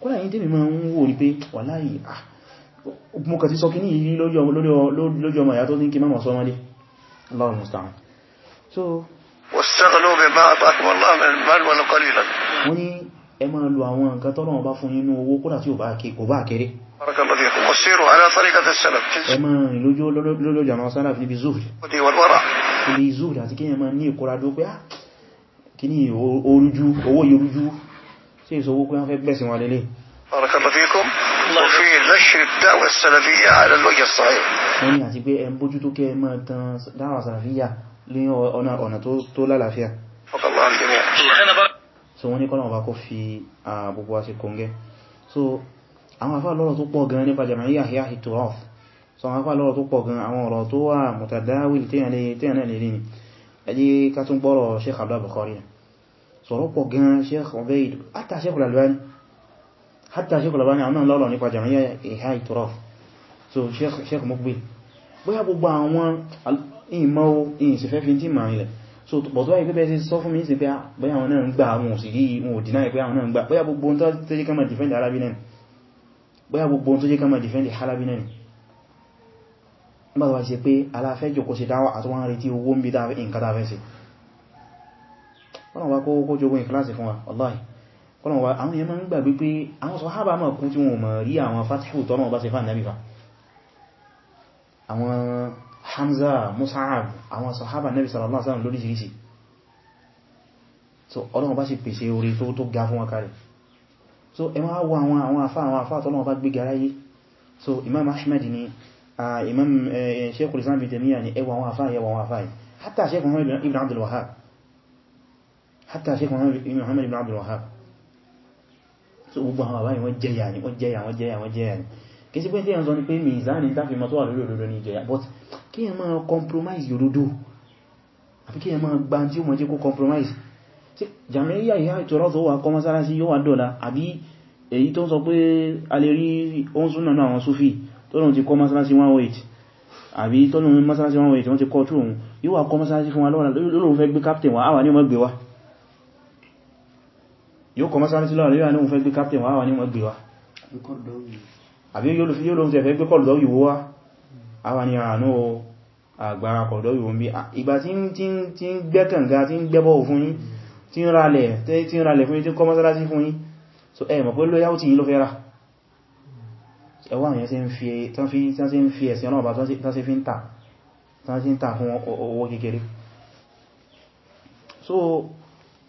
kọ́lá yìí tèmi máa ń wò rí pé wàláhì mo kà ti sọ kíní yìí lójú ọmọ ìyá tó ní kí máa sọ mọ́lé Allahu musta'an so wọ́n ní ẹ máa lo àwọn nǹkan tọ́lọ́run bá fún yín nínú owó kódà tí kò bá kéré ẹ máa rìn lójú ọmọ sálàfí níbi zuhri àti kíyàn kíní orújú owó yorújú sí ìṣòwò pé wọ́n fẹ́ gbẹ̀sìn wọn lélẹ̀ wọ́n ni àti pé ẹ bójú tó kẹ́ mọ́ tán dáwà sàlàfíyà ní ọ̀nà tó lálàáfíà so wọ́n ní kọ́nà ọba kó fi àgbogbo so àwọn afá lọ́rọ̀ tó pọ̀ gan nípa jama'iyyah so àwọn afá lọ́rọ̀ tó pọ̀ gan àwọn ọ̀rọ̀ tó wà mutadawil tíyànlẹ̀ tíyànlẹ̀ lè rí ni ẹjí ká tún gbọ́rọ̀ Sheikh Bukhari sọ̀rọ̀pọ̀ gan Sheikh Ubaid hatta Sheikh Al-Albani hatta Sheikh Al-Albani àwọn lọ́lọ́ nípa jami'a ìhá ìtọ́rọ̀ so Sheikh Muqbil bóyá gbogbo àwọn ìmọ̀ ìsìfẹ́ fi tí ma ilẹ̀ so bọ̀ tó wáyé pé bẹ́ẹ̀ sọ fún mi sí pé ah, bóyá àwọn náà ń gbà àwọn òsì yìí wọn ò dínà pé àwọn náà ń gbà bóyá gbogbo ohun tó jẹ́ kama defend Halabi náà bóyá gbogbo ohun tó jẹ́ kama defend Halabi náà nígbàtàwà sí pé aláfẹ́ jòkó sí dáwà àtúwọ́n retí owó ń bí nǹkan tàfẹ́ sí ọlọ́wọ́ kó jogun ìkìláàsì fún wa wallahi ọlọ́wọ́ àwọn èèyàn ma ń gbàgbé pé àwọn sàhábà mọ̀ kún tí wọ́n mọ̀ rí àwọn fatihu tọ́nà bá ṣe fà náà bífà àwọn Hamza Mus'ab àwọn sàhábà Nabi sallallahu alaihi wasallam lóríṣiríṣi so ọlọ́wọ́ bá sì pèsè orí tó tó ga fún wa kalẹ̀ so ẹ máa wọ àwọn àwọn afá àwọn afá tọ́lọ́wọ́ bá gbé garáyé so Imam Ahmad ni Imam Sheikhul Islam bin Taymiyyah ni ẹwà àwọn afá yẹwà àwọn afá yìí hatta Sheikh Muhammad ibn Abdul Wahhab hátà Sheikh Muhammad ibn Abdul Wahhab so gbogbo àwọn àbáyìn wọ́n jẹyà ní wọ́n jẹyà wọ́n jẹyà wọ́n jẹyà ní kí sí pé tí yẹn sọ ní pé mìzáni dáfí mọ́ tó wà lórí òdodo ní ìjẹyà but kí yẹn máa compromise òdodo àbí kí yẹn máa gba tí ó mọ̀ jẹ́ kó compromise tí jàmíyà ìyá ìtọ́rọ̀ tó wà kọmọ́sáráṣí yóò wà dọ́la àbí èyí tó ń sọ pé a lè rí oún súnà náà àwọn súfì tọ́lùn ti kọ́ mọ́sáráṣí 108 àbí tọ́lùn mọ́sáráṣí 108 wọ́n ti kọ́ tó òun yóò wà kọmọ́sáráṣí fún wa lọ́wọ́ lóòrùn fẹ́ gbé captain wa àwà ní ọmọ gbé wa yóò kọ mọ́sálásí lọ́rọ̀ yóò ní fẹ́ gbé captain wà ní wọ́n gbé wa àbí yóò lọ fi yóò lọ fẹ́ gbé kọlùdọ́ yìí wá àwọn ni àánú ah, àgbàra kọlùdọ́ yìí wọ́n bí ah, ìgbà tí ń gbẹ́ kànga tí ń gbẹ́bọ̀ fún yín tí ń ralẹ̀ fún yín tí ń kọ mọ́sálásí fún yín so ẹ mọ̀ pé ló yáwó tí yí ló fẹ́ rà ẹwà àwọn yẹn tí ń fi ẹ̀sìn ọlọ́ọ̀bá tán sí fi ń tà fún owó kékeré so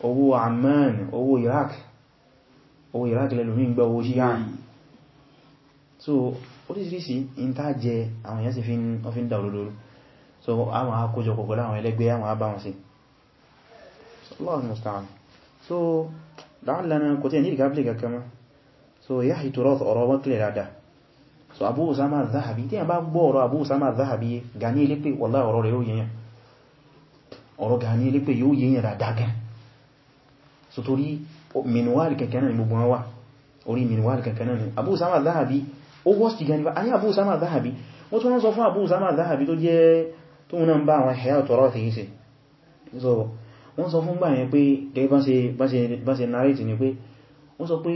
owó Amman owó Iraq owó Iraq lẹ́lùmí gbẹ́ owó ṣíyà hmm. so orísìírísìí in tá jẹ àwọn èyàn sì fi ń dà so àwọn akójọ kòkòrò àwọn ẹlẹ́gbẹ́ àwọn abáwọn sí si so láàrín kò tí ẹ̀ ní ìgábílì kankan so yá ìtòrọ̀ ọ̀rọ̀ wọ́n kílẹ̀ so Abu Usama Zahabi tí a bá gbọ́ Abu ilé pé ọ̀rọ̀ rẹ̀ yóò ọ̀rọ̀ ilé pé yóò so torí minuwari kankanáà ni gbogbo wọn wà orí minuwari kankanáà ni Abu Usama Dhahabi ó wọ́sì gan nípa ayé Abu Usama Dhahabi wọ́n tún wọ́n sọ fún Abu Usama Dhahabi tó jẹ́ tó wọ́n náà bá àwọn ẹ̀yà tọrọ fi ṣe so wọ́n sọ fún gbáyẹn pé gẹ́gẹ́ bá ṣe narrate ni pé wọ́n sọ pé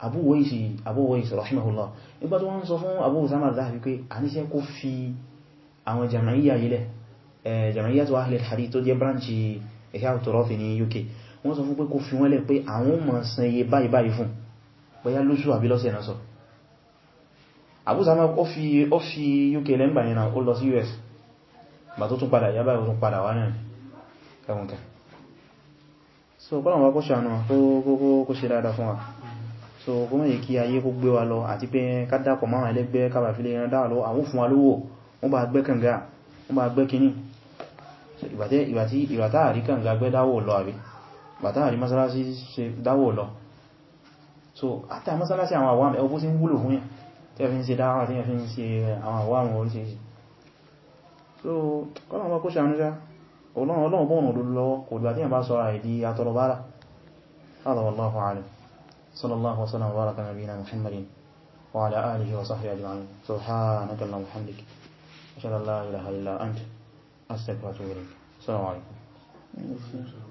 Abu Waisi Abu Waisi rahimahullah nígbà tó wọ́n sọ fún Abu Usama ẹ̀yà tọrọ fi eh, ní UK wọ́n sọ fún pé kó fi wọ́n lẹ̀ pé àwọn mọ̀ san iye báyìí báyìí fún bóyá lóṣù àbí lọ́sẹ̀ náà sọ àbúsàmà ó fi UK lẹ́mbà yẹn ó lọ sí US bà tó tún padà yábá ìwọ̀n padà wá náà ẹ̀wọ̀n kan so kọ́nà wá kó ṣàánú kó ṣe dáadáa so kó mọ̀ yìí kí ayé kó gbé wa lọ àti pé kádàpọ̀ máwọn ẹlẹ́gbẹ́ kábà fi lè rán dáa lọ àwọn fún wa lówó wọ́n bá gbẹ́ kànga wọ́n bàtàrí masalasi ṣe dáwò lọ so àtà masalasi àwọn àwọn ẹ̀wọ́ sí ń wúlò fún yà tí a fi ń ṣe dáwà tí a fi ń ṣe àwọn àwọn àwọn so kọ́nà ọmọ kó ṣàánúṣá ọlọ́run bọ́ọ̀nà ló lọ́wọ́ kò gbà tí a bá sọ àìdí atọrọbára hada wallahu a'lam sallallahu wa sallam wa baraka nabiyina muhammadin wa ala alihi wa sahbihi ajma'in subhanaka allahumma wa hamdika ashhadu an